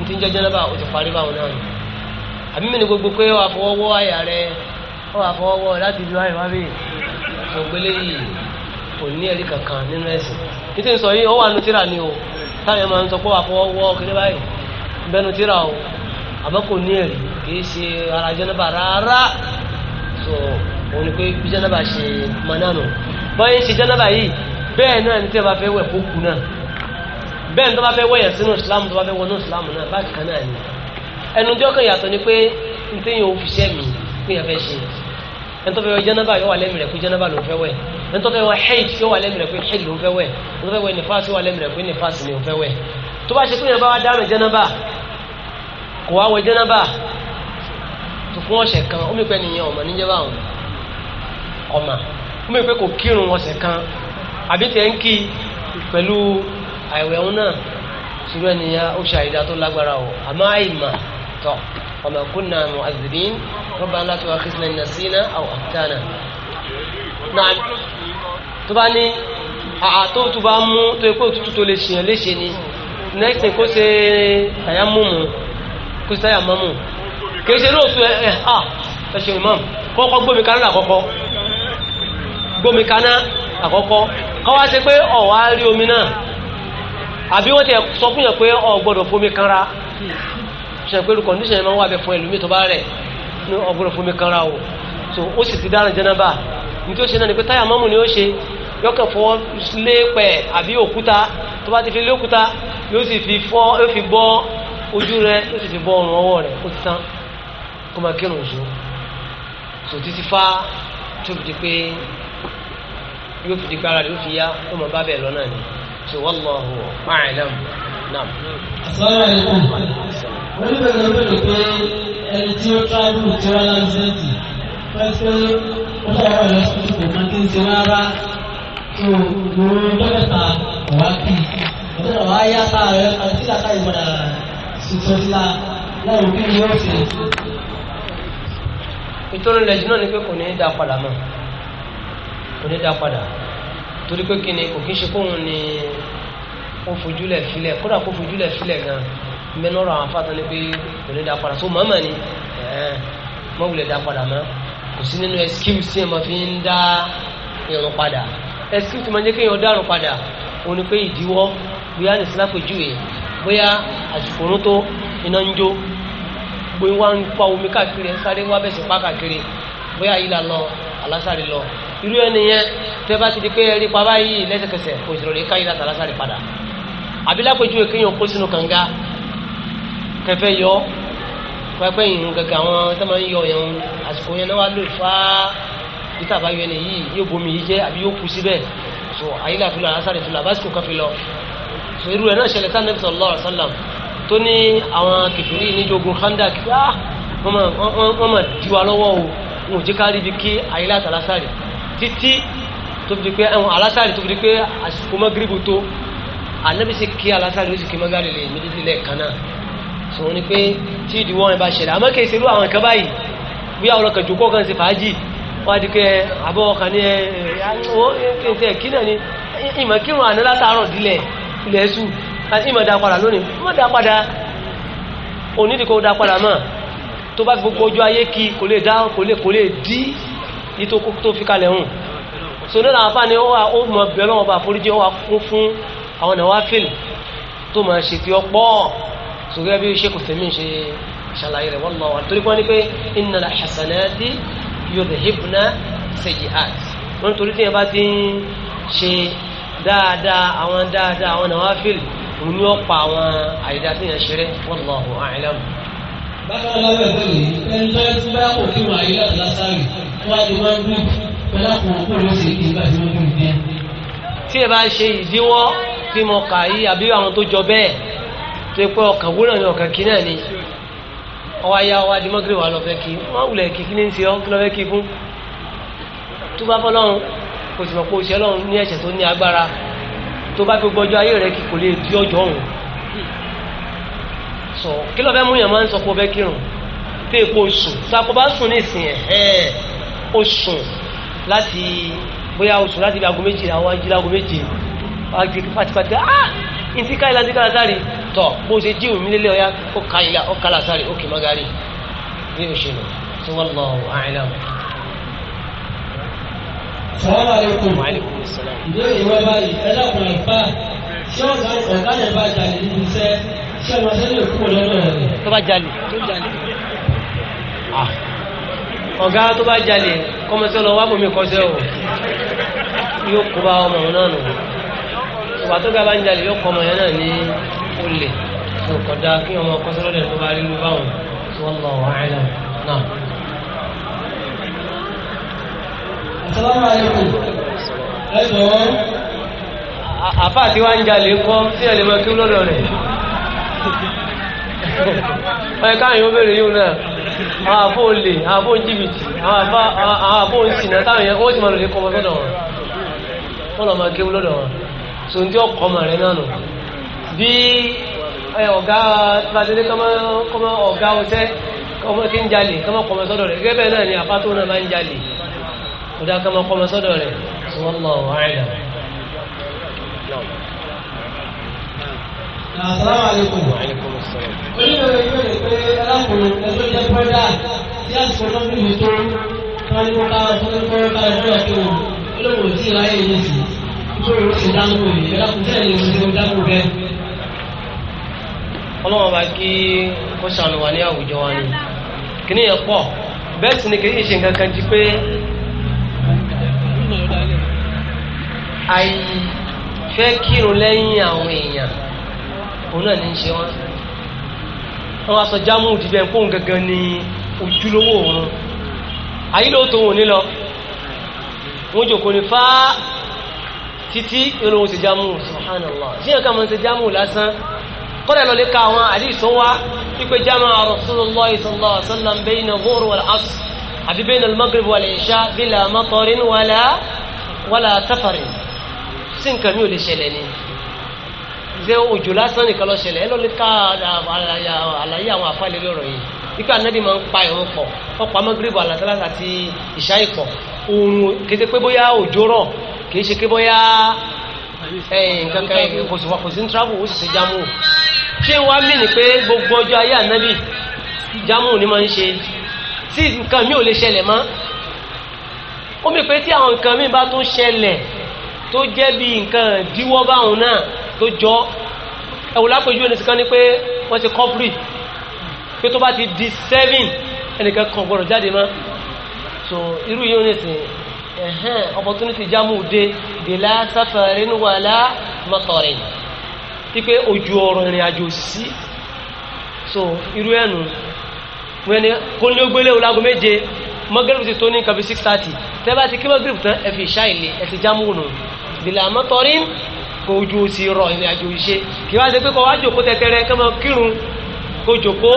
[SPEAKER 1] ní jẹ́jẹ́ o ti parí báwọn náà nù àbí mi ni gbogbo pé ọ àfọwọ́wọ́ àyà rẹ ọ àfọwọ́wọ́ láti ju àyà o máa ń sọ pé kéde báyìí o ní ẹ̀rí ara òun ni pé bí jẹ́nàbà ṣe mọ náà nù bọ́yé ṣe jẹ́nàbà yìí bẹ́ẹ̀ náà ní tí a bá fẹ́ wẹ̀ kó kú náà bẹ́ẹ̀ ní tó bá fẹ́ wẹ̀ yẹn sínú ìsìlámù tó bá fẹ́ wọnú ìsìlámù náà bákan náà ni ẹnu tí ọkàn yàtọ̀ ni pé n tí yóò fi ṣẹ́ mi kí yẹn fẹ́ ṣe ẹni tó fẹ́ wẹ̀ jẹ́nàbà yóò wà lẹ́mìí rẹ̀ pé jẹ́nàbà ló fẹ́ wẹ̀ ẹni tó fẹ́ wẹ̀ hẹ́ẹ̀d yóò wà lẹ́mìí rẹ̀ pé hẹ́ẹ̀d ló fẹ́ ni ó fẹ́ wẹ̀ tó bá ṣe pé yẹn bá wá dáhùn jẹ́nàbà kò wá wẹ̀ jẹ́nàbà tó fún ọ̀sẹ̀ kan ó mi pẹ́ kọ́mà fún mi pé kò kírun ọ̀sẹ̀ kan àbí tẹ̀ ń kí pẹ̀lú àìwẹ̀ òun náà sùúrù ẹnìyàn ó ṣe àìdá tó lágbára o àmọ́ àìmà tọ̀ ọmọ kúnnà mọ̀ àzìbín rọ́bà ńlá tó wà kìsìnà ìnà sínà àwọn àtànà. tó bá ní àtó tó bá mú tó yẹ kó òtútù tó lè ṣèyàn léṣe ni next thing kó ṣe àyàmúmu kó ṣe àyàmọ́mù kì í ṣe lóòtú ẹ̀ ẹ̀ ah ẹ̀ ṣe ìmọ̀ kọ́kọ́ gbómi kárẹ́lá kọ́kọ́ gbómi kaná àkọ́kọ́ kọ́ wá ṣe pé ọ̀wá rí omi náà àbí wọ́n ti sọ fún yàn pé ọ̀ gbọ́dọ̀ fomi kanra ṣe pé irú kọ̀ndíṣàn yẹn ń wà bẹ fún ẹlòmíì tó bá rẹ̀ ní ọ̀ gbọ́dọ̀ fomi kanra o so ó sì ti dáràn jẹnaba ní tí ó ṣe náà ni pé táyà mọ́mù ni ó ṣe yọkàn fọwọ́ lé pẹ̀ àbí òkúta tó bá ti fi lé òkúta yóò sì fi fọ́ yóò fi bọ́ ojú rẹ yóò sì fi bọ́ ọrùn ọwọ́ rẹ ó ti tán kó máa kírun òṣù so títí fá tóbi di pé yóò fi dìgbà rẹ̀ yóò fi yá tó mọ̀ bá bẹ̀ lọ́nà ni ṣe wallahu a'lam náà. àsọ̀rọ̀ ẹ̀ kù
[SPEAKER 3] oníbẹ̀rẹ̀ bẹ̀rẹ̀ pé ẹni tí ó tábù tí wọ́n láńsẹ́ǹtì pẹ́ẹ́sẹ́ ó dáwọ́ ẹ̀ lọ́sọ̀tún kò máa kí ń ṣe rárá tó gbòòrò dọ́kẹ́ta ọ̀wá kì í ọ̀dọ́ ọ̀wá yá tá a rẹ̀ àti sílá táyì padà sùtọ́
[SPEAKER 1] sílá láwọn òbí ni ó ṣe. ìtọ́nulẹ̀jù náà ni pé kò ní í dá padà mọ́ onídàá padà torí pé kí ni kò kí ń ṣe kóhun ni ó fojúlẹ̀ filẹ̀ kódà kó fojúlẹ̀ filẹ̀ gan mẹ́nọ́rọ̀ àwọn afáàtàn ni pé onídàá padà tó màmá ni mọ́wulẹ̀ dá padà mọ́ kò sí nínú excuse tí ẹ máa fi ń dá irun padà excuse tí máa jẹ́ kéèyàn dárun padà òun ni pé ìdíwọ́ bóyá ní sílápèjúwe bóyá àsìkò orun tó iná ń jó bóyá wá ń pa omi káàkiri sáré wá bẹ̀sẹ̀ pa káàkiri bóyá yìí lọ alásàrè lọ irú ẹni yẹn tẹ́ bá ti di pé ẹrí pa báyìí lẹ́sẹ̀kẹsẹ̀ kò sì lọ́lẹ́ káyìí láti alásàrè padà àbí lápẹjúwe kéèyàn kó sínú kànga kẹfẹ yọ pẹpẹ yìí gẹ́gẹ́ àwọn tẹ́ máa ń yọ yẹn àsìkò yẹn náà wà lóye fáá peter abayọ ẹni yìí yóò bomi yìí jẹ àbí yóò kú síbẹ̀ so àyílà fi lọ alásàrè fi lọ àbásìkò kan lọ so irú ẹ náà ṣẹlẹ̀ sáà nẹ́bí sallallahu alaihi wasallam tó ní àwọn kẹfìrí níjogun Khandak wọ́n mọ̀ ju alọ́wọ́ o wọn ò jẹ́ ká ríbi kí àyílà tàlásàrè títí tó fi di pé ẹ̀wọ̀n alásàrì tó fi di pé àsìkò mọ́gíríbù tó ànábì sì kí alásàrì ó sì kí mọ́gàrì lè méjèèjì lẹ́ẹ̀kan náà sọ wọn ni pé tí ìdíwọ́ ẹ̀ bá ṣẹlẹ̀ àmọ́ kì í ṣerú àwọn nǹkan báyìí bí àwọn ọlọ́kàn kan ṣe fàájì wọ́n di pé àbọ̀ ọkàn ní ẹ̀ ẹ̀ kí náà ni ìmọ̀ kírun àná látàárọ̀ dílẹ̀ ilẹ̀ ẹ̀sù ìmọ̀ dá padà lónìí mọ̀ dá padà onídìkọ̀ dá padà mọ̀ tó bá gbogbo ojú ayé kí kò lè dá kò lè kò lè dí yìí tó kó tó fi kalẹ̀ hùn so náà làwọn afáàní ó wà ó mọ bẹ́ẹ̀ lọ́wọ́ bá foríjì ó wà kún fún àwọn nàwáfíìl tó máa ṣe ti ọpọ́ sọgẹ́ bí Sheikh Uthaymeen ṣe ṣàlàyé rẹ̀ wọ́n lọ wà torí wọ́n ní pé innal hasanati yudhibna sayyi'at wọ́n torí tí yẹn bá ti ń ṣe dáadáa àwọn dáadáa àwọn nàwáfíìl òun ni ó pa àwọn àyídá tí yẹn ṣeré wallahu
[SPEAKER 4] a'lam
[SPEAKER 3] bákan náà lábẹ́ ẹ̀kọ́ yìí ẹni tó ẹ ti bá kò kí wọn ayé láti lásàrì wọn á di wọn gbé pẹ̀lú àpò òkú ló ṣe kí nígbà tí wọn gbé ìdí ẹ. tí ẹ bá ń ṣe
[SPEAKER 1] ìdíwọ́ tí mo kà yí àbí àwọn tó jọ bẹ́ẹ̀ tó pé ọkàn wúlò ní ọkàn kí náà ni ọwọ́ ayé wa di mọ́gìrì wa lọ fẹ́ kí wọ́n wulẹ̀ kí kí ní ṣe ọ́ kí lọ́ fẹ́ kí fún tó bá fọlọ́run kò sì mọ̀ pé òṣèlú ní ẹ̀ṣẹ̀ tó ní agbára tó bá fi gbọ́jọ́ ayé rẹ̀ kì kò lè di ọjọ́ òun sọ kí lọ́ọ́ fẹ́ mú yàn máa ń sọ pé ó fẹ́ kírun pé kó sùn sako bá sùn ní ìsìn ẹ̀ ó sùn láti bóyá o sùn láti bí aago méjì àwọn ajílẹ̀ aago méjì wàá gbé ah ntí káyìlá ti kára sáré tọ̀ bó ṣe jí òmìnir lé ọ̀yá ó káyìlá ó kára sáré ó kì má gárì bí o ṣe lò tí wọ́n lọ àìlá mọ́.
[SPEAKER 3] sàlámù alaykum ìbéèrè wọn báyìí ẹ dákun àlùfáà ṣé ọ̀gá ọ̀gá yẹn bá jalè nínú iṣẹ́ ṣé ọmọ sẹ́yìn lè kúrò lọ́dọ̀ rẹ̀.
[SPEAKER 1] tó bá jalè ah, ọ̀gá tó bá jalè kọ́mọsẹ́ lọ wá bòmí kọ́sẹ́ o yóò kó bá ọmọ náà nù ìwà tó ga bá ń jalè yóò kọ́ ọmọ yẹn náà ní olè tó kọjá kí ọmọ kọ́sẹ́ lọ́dẹ̀ tó bá rí ló báwọn tó wọ́n lọ wọ́n àìlọ náà.
[SPEAKER 3] Assalamu alaikum. Ẹ jọ̀ọ́ àfáà tí wá ń jalè kọ́ tí ẹ̀ lè mọ kí lọ́dọ̀ rẹ̀
[SPEAKER 1] ẹ̀ káyọ̀ bẹ̀rẹ̀ yóò náà àwọn àfó olè àfó jìbìtì àwọn àfó ìsìnà táwọn yẹn wọ́n ti máa lòlẹ́ kọ́ lọ́dọ̀ wọn wọ́n lọ́ máa kéwú lọ́dọ̀ wọn so ní tí ó kọ́ náà nù bí ọ̀gá tíwájúdé kọ́mọ ọ̀gá ọ̀tẹ́ kọ́mọ tí ń jalè kọ́mọ kọ́mọ sọ́dọ̀ rẹ̀ gẹ́gẹ́ bẹ́ẹ̀ náà ni àpá tó náà máa ń jalè kódà kọ́mọ kọ́mọ sọ́dọ̀ rẹ̀ wọ́n
[SPEAKER 3] lọ́ àìlà
[SPEAKER 4] Assalamu
[SPEAKER 3] alaikum. Oníbẹ̀rẹ̀ ìbéèrè pé alákùnrin ẹgbẹ́ jẹ́ pẹ́dà tí àsìkò náà bí mi tó wọ́n ní wọ́n fún ẹgbẹ́ ká ẹgbẹ́ yà kí wọ́n olóòwò sí ìráyè yìí sí. Nítorí ó ti dáhùn òní, ẹ̀rọ kò tẹ́lẹ̀ ní oṣù tó dáhùn bẹ́ẹ̀. Ọlọ́run bá kí
[SPEAKER 1] kó ṣàánú wa ní àwùjọ wa ni. Kìnìún yẹn pọ̀, bẹ́ẹ̀ sì ni kì í ṣe nǹkan kan jí pé àyè fẹ́ kírun lẹ́yìn àwọn èèyàn òun náà ní í ṣe wọn wọn wá sọ jámù dìbẹ̀ kóhun gangan ní ojúlówó òun ayílóòtò òun ní lọ wọn jòkó ní fáá títí olóhun ti jámù subhanallah sí ẹ̀ka mọ̀ sí jámù lásán kọ́lẹ̀ lọ lè ka àwọn àdìsọ́ wá pípé jámù rasulullah sallallahu alaihi wasallam bayna dhuhr wal asr àbí bayna al maghrib wal isha bila matarin wala wala safarin tí nǹkan mi ò lè ṣẹlẹ̀ ni ṣe òjò lásán nìkan lọ ṣẹlẹ̀ ẹ lọ́ọ́ lè ká àlàyé àwọn àfáàlẹ́ lọ́rọ̀ yìí ikú anabi máa ń pa ìrún pọ̀ ọ̀pọ̀ amagiribu alatalasa àti ìṣá ìpọ̀ oorun kété pé bóyá òjò rọ̀ kìí ṣe pé bóyá ẹ̀yìn kankan kò sì kò sí ní travel ó sì ṣe jámù ṣé wàá mì ní pé gbogbo ọjọ́ ayé anabi jámù ni máa ń ṣe tí nǹkan mi ò lè ṣẹlẹ̀ mọ́ ó mì pé tí àwọn nǹkan mi bá tún ṣẹlẹ̀ tó jẹ́ bí nǹkan díwọ́ báwọn náà tó jọ ẹ̀wò lápẹjú ẹni sìkan ni pé wọ́n ti kọ́pìrì pé tó bá ti di seven ẹnìkan kan gbọ́dọ̀ jáde mọ́ so irú yìí ó ní sìn ẹ̀hẹ́n opportunity jámù dé bìlá sáfàrin wàlá mọ́tọ̀rin pípé ojú ọ̀rọ̀ ìrìn àjò sí so irú ẹ̀nu wọ́n ni kó ní ó gbélé ọlágun méje magrib ti tó ní nǹkan bí six thirty tẹ́ bá ti kí magrib tán ẹ fi ṣá ìlé ẹ ti jámù nù bìlà àmọ́ tọrí kò ju ti rọ ìrìn àjò ìṣe kì í wá ṣe pé kọ́ wá jòkó tẹ́tẹ́rẹ́ kí wọ́n kírun kó jòkó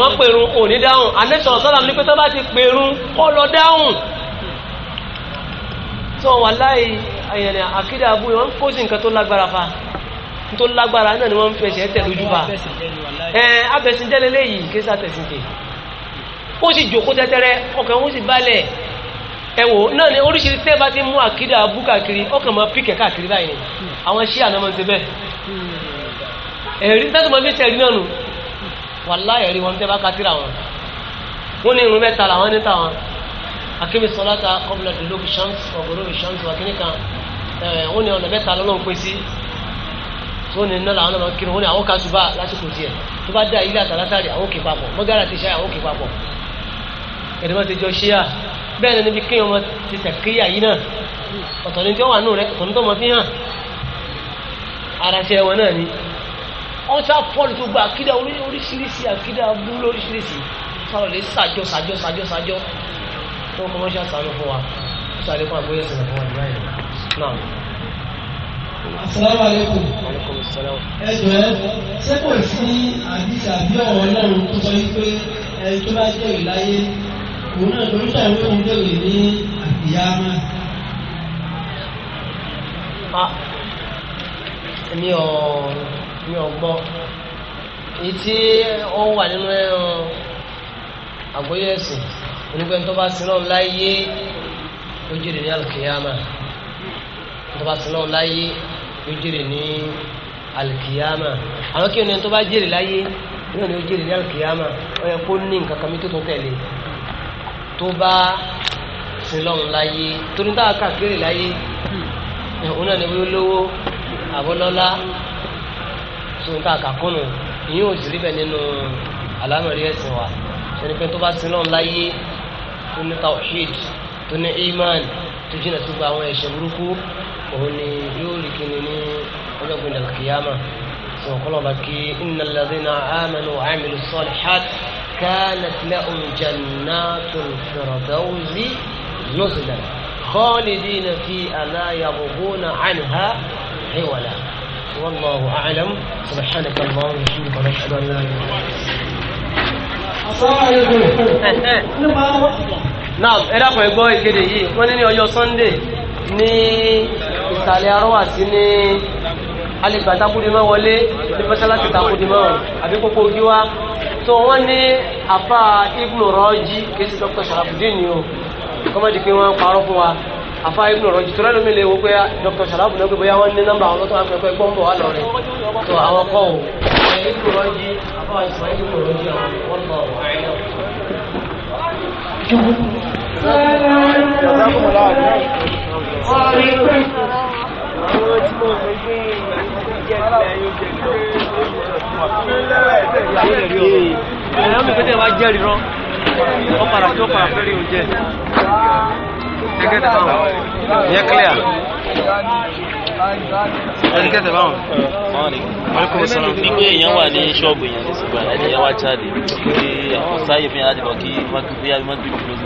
[SPEAKER 1] wọ́n pèrún òní dáhùn anẹ́sọ̀rọ̀ sọ́là ní pé tọ́ bá ti pèrún kọ́ lọ dáhùn tó wà láì ayẹ̀rẹ̀ àkídà abúlé wọ́n kó sí nǹkan tó lágbára fa tó lágbára náà ni wọ́n fẹsẹ̀ tẹ̀ lójú fa ẹ̀ abẹ́sìnjẹ́ lélẹ́yìí kí sá tẹ̀sìnkè ó sì jòkó tẹ́tẹ́rẹ́ ọkàn ó sì balẹ̀ ẹ̀wò náà ni oríṣiríṣi tẹ́ bá ti mú àkídà abú káàkiri ọkàn máa píkẹ̀ káàkiri báyìí ni àwọn ṣí àná máa ń ṣe bẹ́ẹ̀ ẹ̀rí tẹ́tù máa fi ṣẹ̀rí náà nù wàlá ẹ̀rí wọn tẹ́ bá ká síra wọn ní irun mẹ́ta làwọn níta wọn akéwì sọlá ta kọ́bùlà dùlóbi ṣáǹtì ọ̀gọ́rọ́bì ṣáǹtì wàkíní kan wọn ní ọ̀nà mẹ́ta lọ́lọ́ tó ní iná làwọn ọmọ kiri wọn ni àwọn kásùbà lásìkò tiẹ̀ tó bá dá ilé àtàlátàrí àwọn òkè papọ̀ mọ́gàrà ti ṣe àwọn òkè papọ̀ ẹni máa ti jọ ṣe bẹ́ẹ̀ ni níbi kéèyàn máa ti tẹ̀kíyà yìí náà ọ̀tọ̀ ni tí ó wà nù rẹ ọ̀tọ̀ ni tó máa fi hàn ara ṣe wọn náà ni wọ́n sá fọ́ọ̀lù tó gba àkídà oríṣiríṣi àkídà abú lóríṣiríṣi sọ̀rọ̀ lè sàjọ sàjọ sàjọ sàjọ tó kọ́ mọ́ṣá sànú fún wa sọ àlékún àgbóyè
[SPEAKER 3] sọ̀rọ̀ fún wa nígbà yẹn náà. Asalaamu aleykum. Aleykum Ẹ ṣé kò sí àdìsí àbí ọ̀rọ̀ Ọlọ́run tó sọ wípé ẹni tó bá jẹ́ ìláyé òun náà torí sàrò òun bèrè ní àfìyámà.
[SPEAKER 1] mi ò mi ò gbọ́ èyí tí ó wà nínú àgbóyè ẹ̀sìn onígbẹ́ tó bá sin náà láyé ó jèrè ní alkiyama tó bá sin náà láyé ó jèrè ní alkiyama àwọn kí ni tó bá jèrè láyé ní òní ó jèrè ní alkiyama ó yẹ kó ní nǹkan kan mi tó tó tẹ̀lé tó bá sílọ́run láyé torí táwa kàkiri láyé òun náà ni wọ́n lówó àbọ́lọ́lá tó ń tàkà kúnnù ìyẹn ò sì rí bẹ́ẹ̀ nínú àlámọ̀rí ẹ̀sìn wa ẹni pé tó bá sílọ́run láyé tó ní tawhid tó ní iman tó jìnnà tó gba àwọn ẹ̀ṣẹ̀ burúkú òun ni yóò rí kíni ní ọlọ́gbìn dàlkìyàmà sọ̀kọ́lọ́ba kí innal ladhina amanu wa amilu كانت لهم جنات الفردوس نزلا خالدين فيها لا يبغون عنها حولا والله أعلم سبحانك اللهم
[SPEAKER 4] وبحمدك نشهد أن لا إله
[SPEAKER 1] إلا
[SPEAKER 2] أنت
[SPEAKER 1] náà ẹ̀dàpọ̀ ẹ̀gbọ́ ìkéde yìí wọ́n ní ní ọjọ́ Sunday ní ìsàlẹ̀ arọ́wà sí ní alìgbà wọlé ní mọ́sálásí takúdímọ́ àbí pópó ojú wa so wọ́n ní afa ibnu rọ́jí kìí ṣe dr sharafudin ni o kọ́mọ̀dé pé wọ́n parọ́ fún wa afa ibnu rọ́jí tó lẹ́nu mi lè wo pé dr sharafudin ó pé bóyá wọ́n ní nọ́mbà àwọn lọ́tọ́ àpẹẹrẹ pé gbọ́ǹbọ̀ wà lọ́rẹ̀ tó àwọn kọ́ o afa ìsìnkú
[SPEAKER 2] Thank you
[SPEAKER 3] ẹ̀rọ mi pété wá jẹ́ ríran ó padà tó padà fẹ́ rí oúnjẹ ẹgẹ́tẹ̀ báwọn yẹ clear ẹgẹ́tẹ̀ báwọn. Mọ̀lẹ́kùn sọ̀rọ̀ ní pé èèyàn wà ní ṣọ́ọ̀bù èèyàn ní ṣùgbọ́n ẹni
[SPEAKER 1] yẹn wá jáde pé àwọn sáyé fi hàn láti bọ̀ kí mọ́tò bí i mọ́tò bí i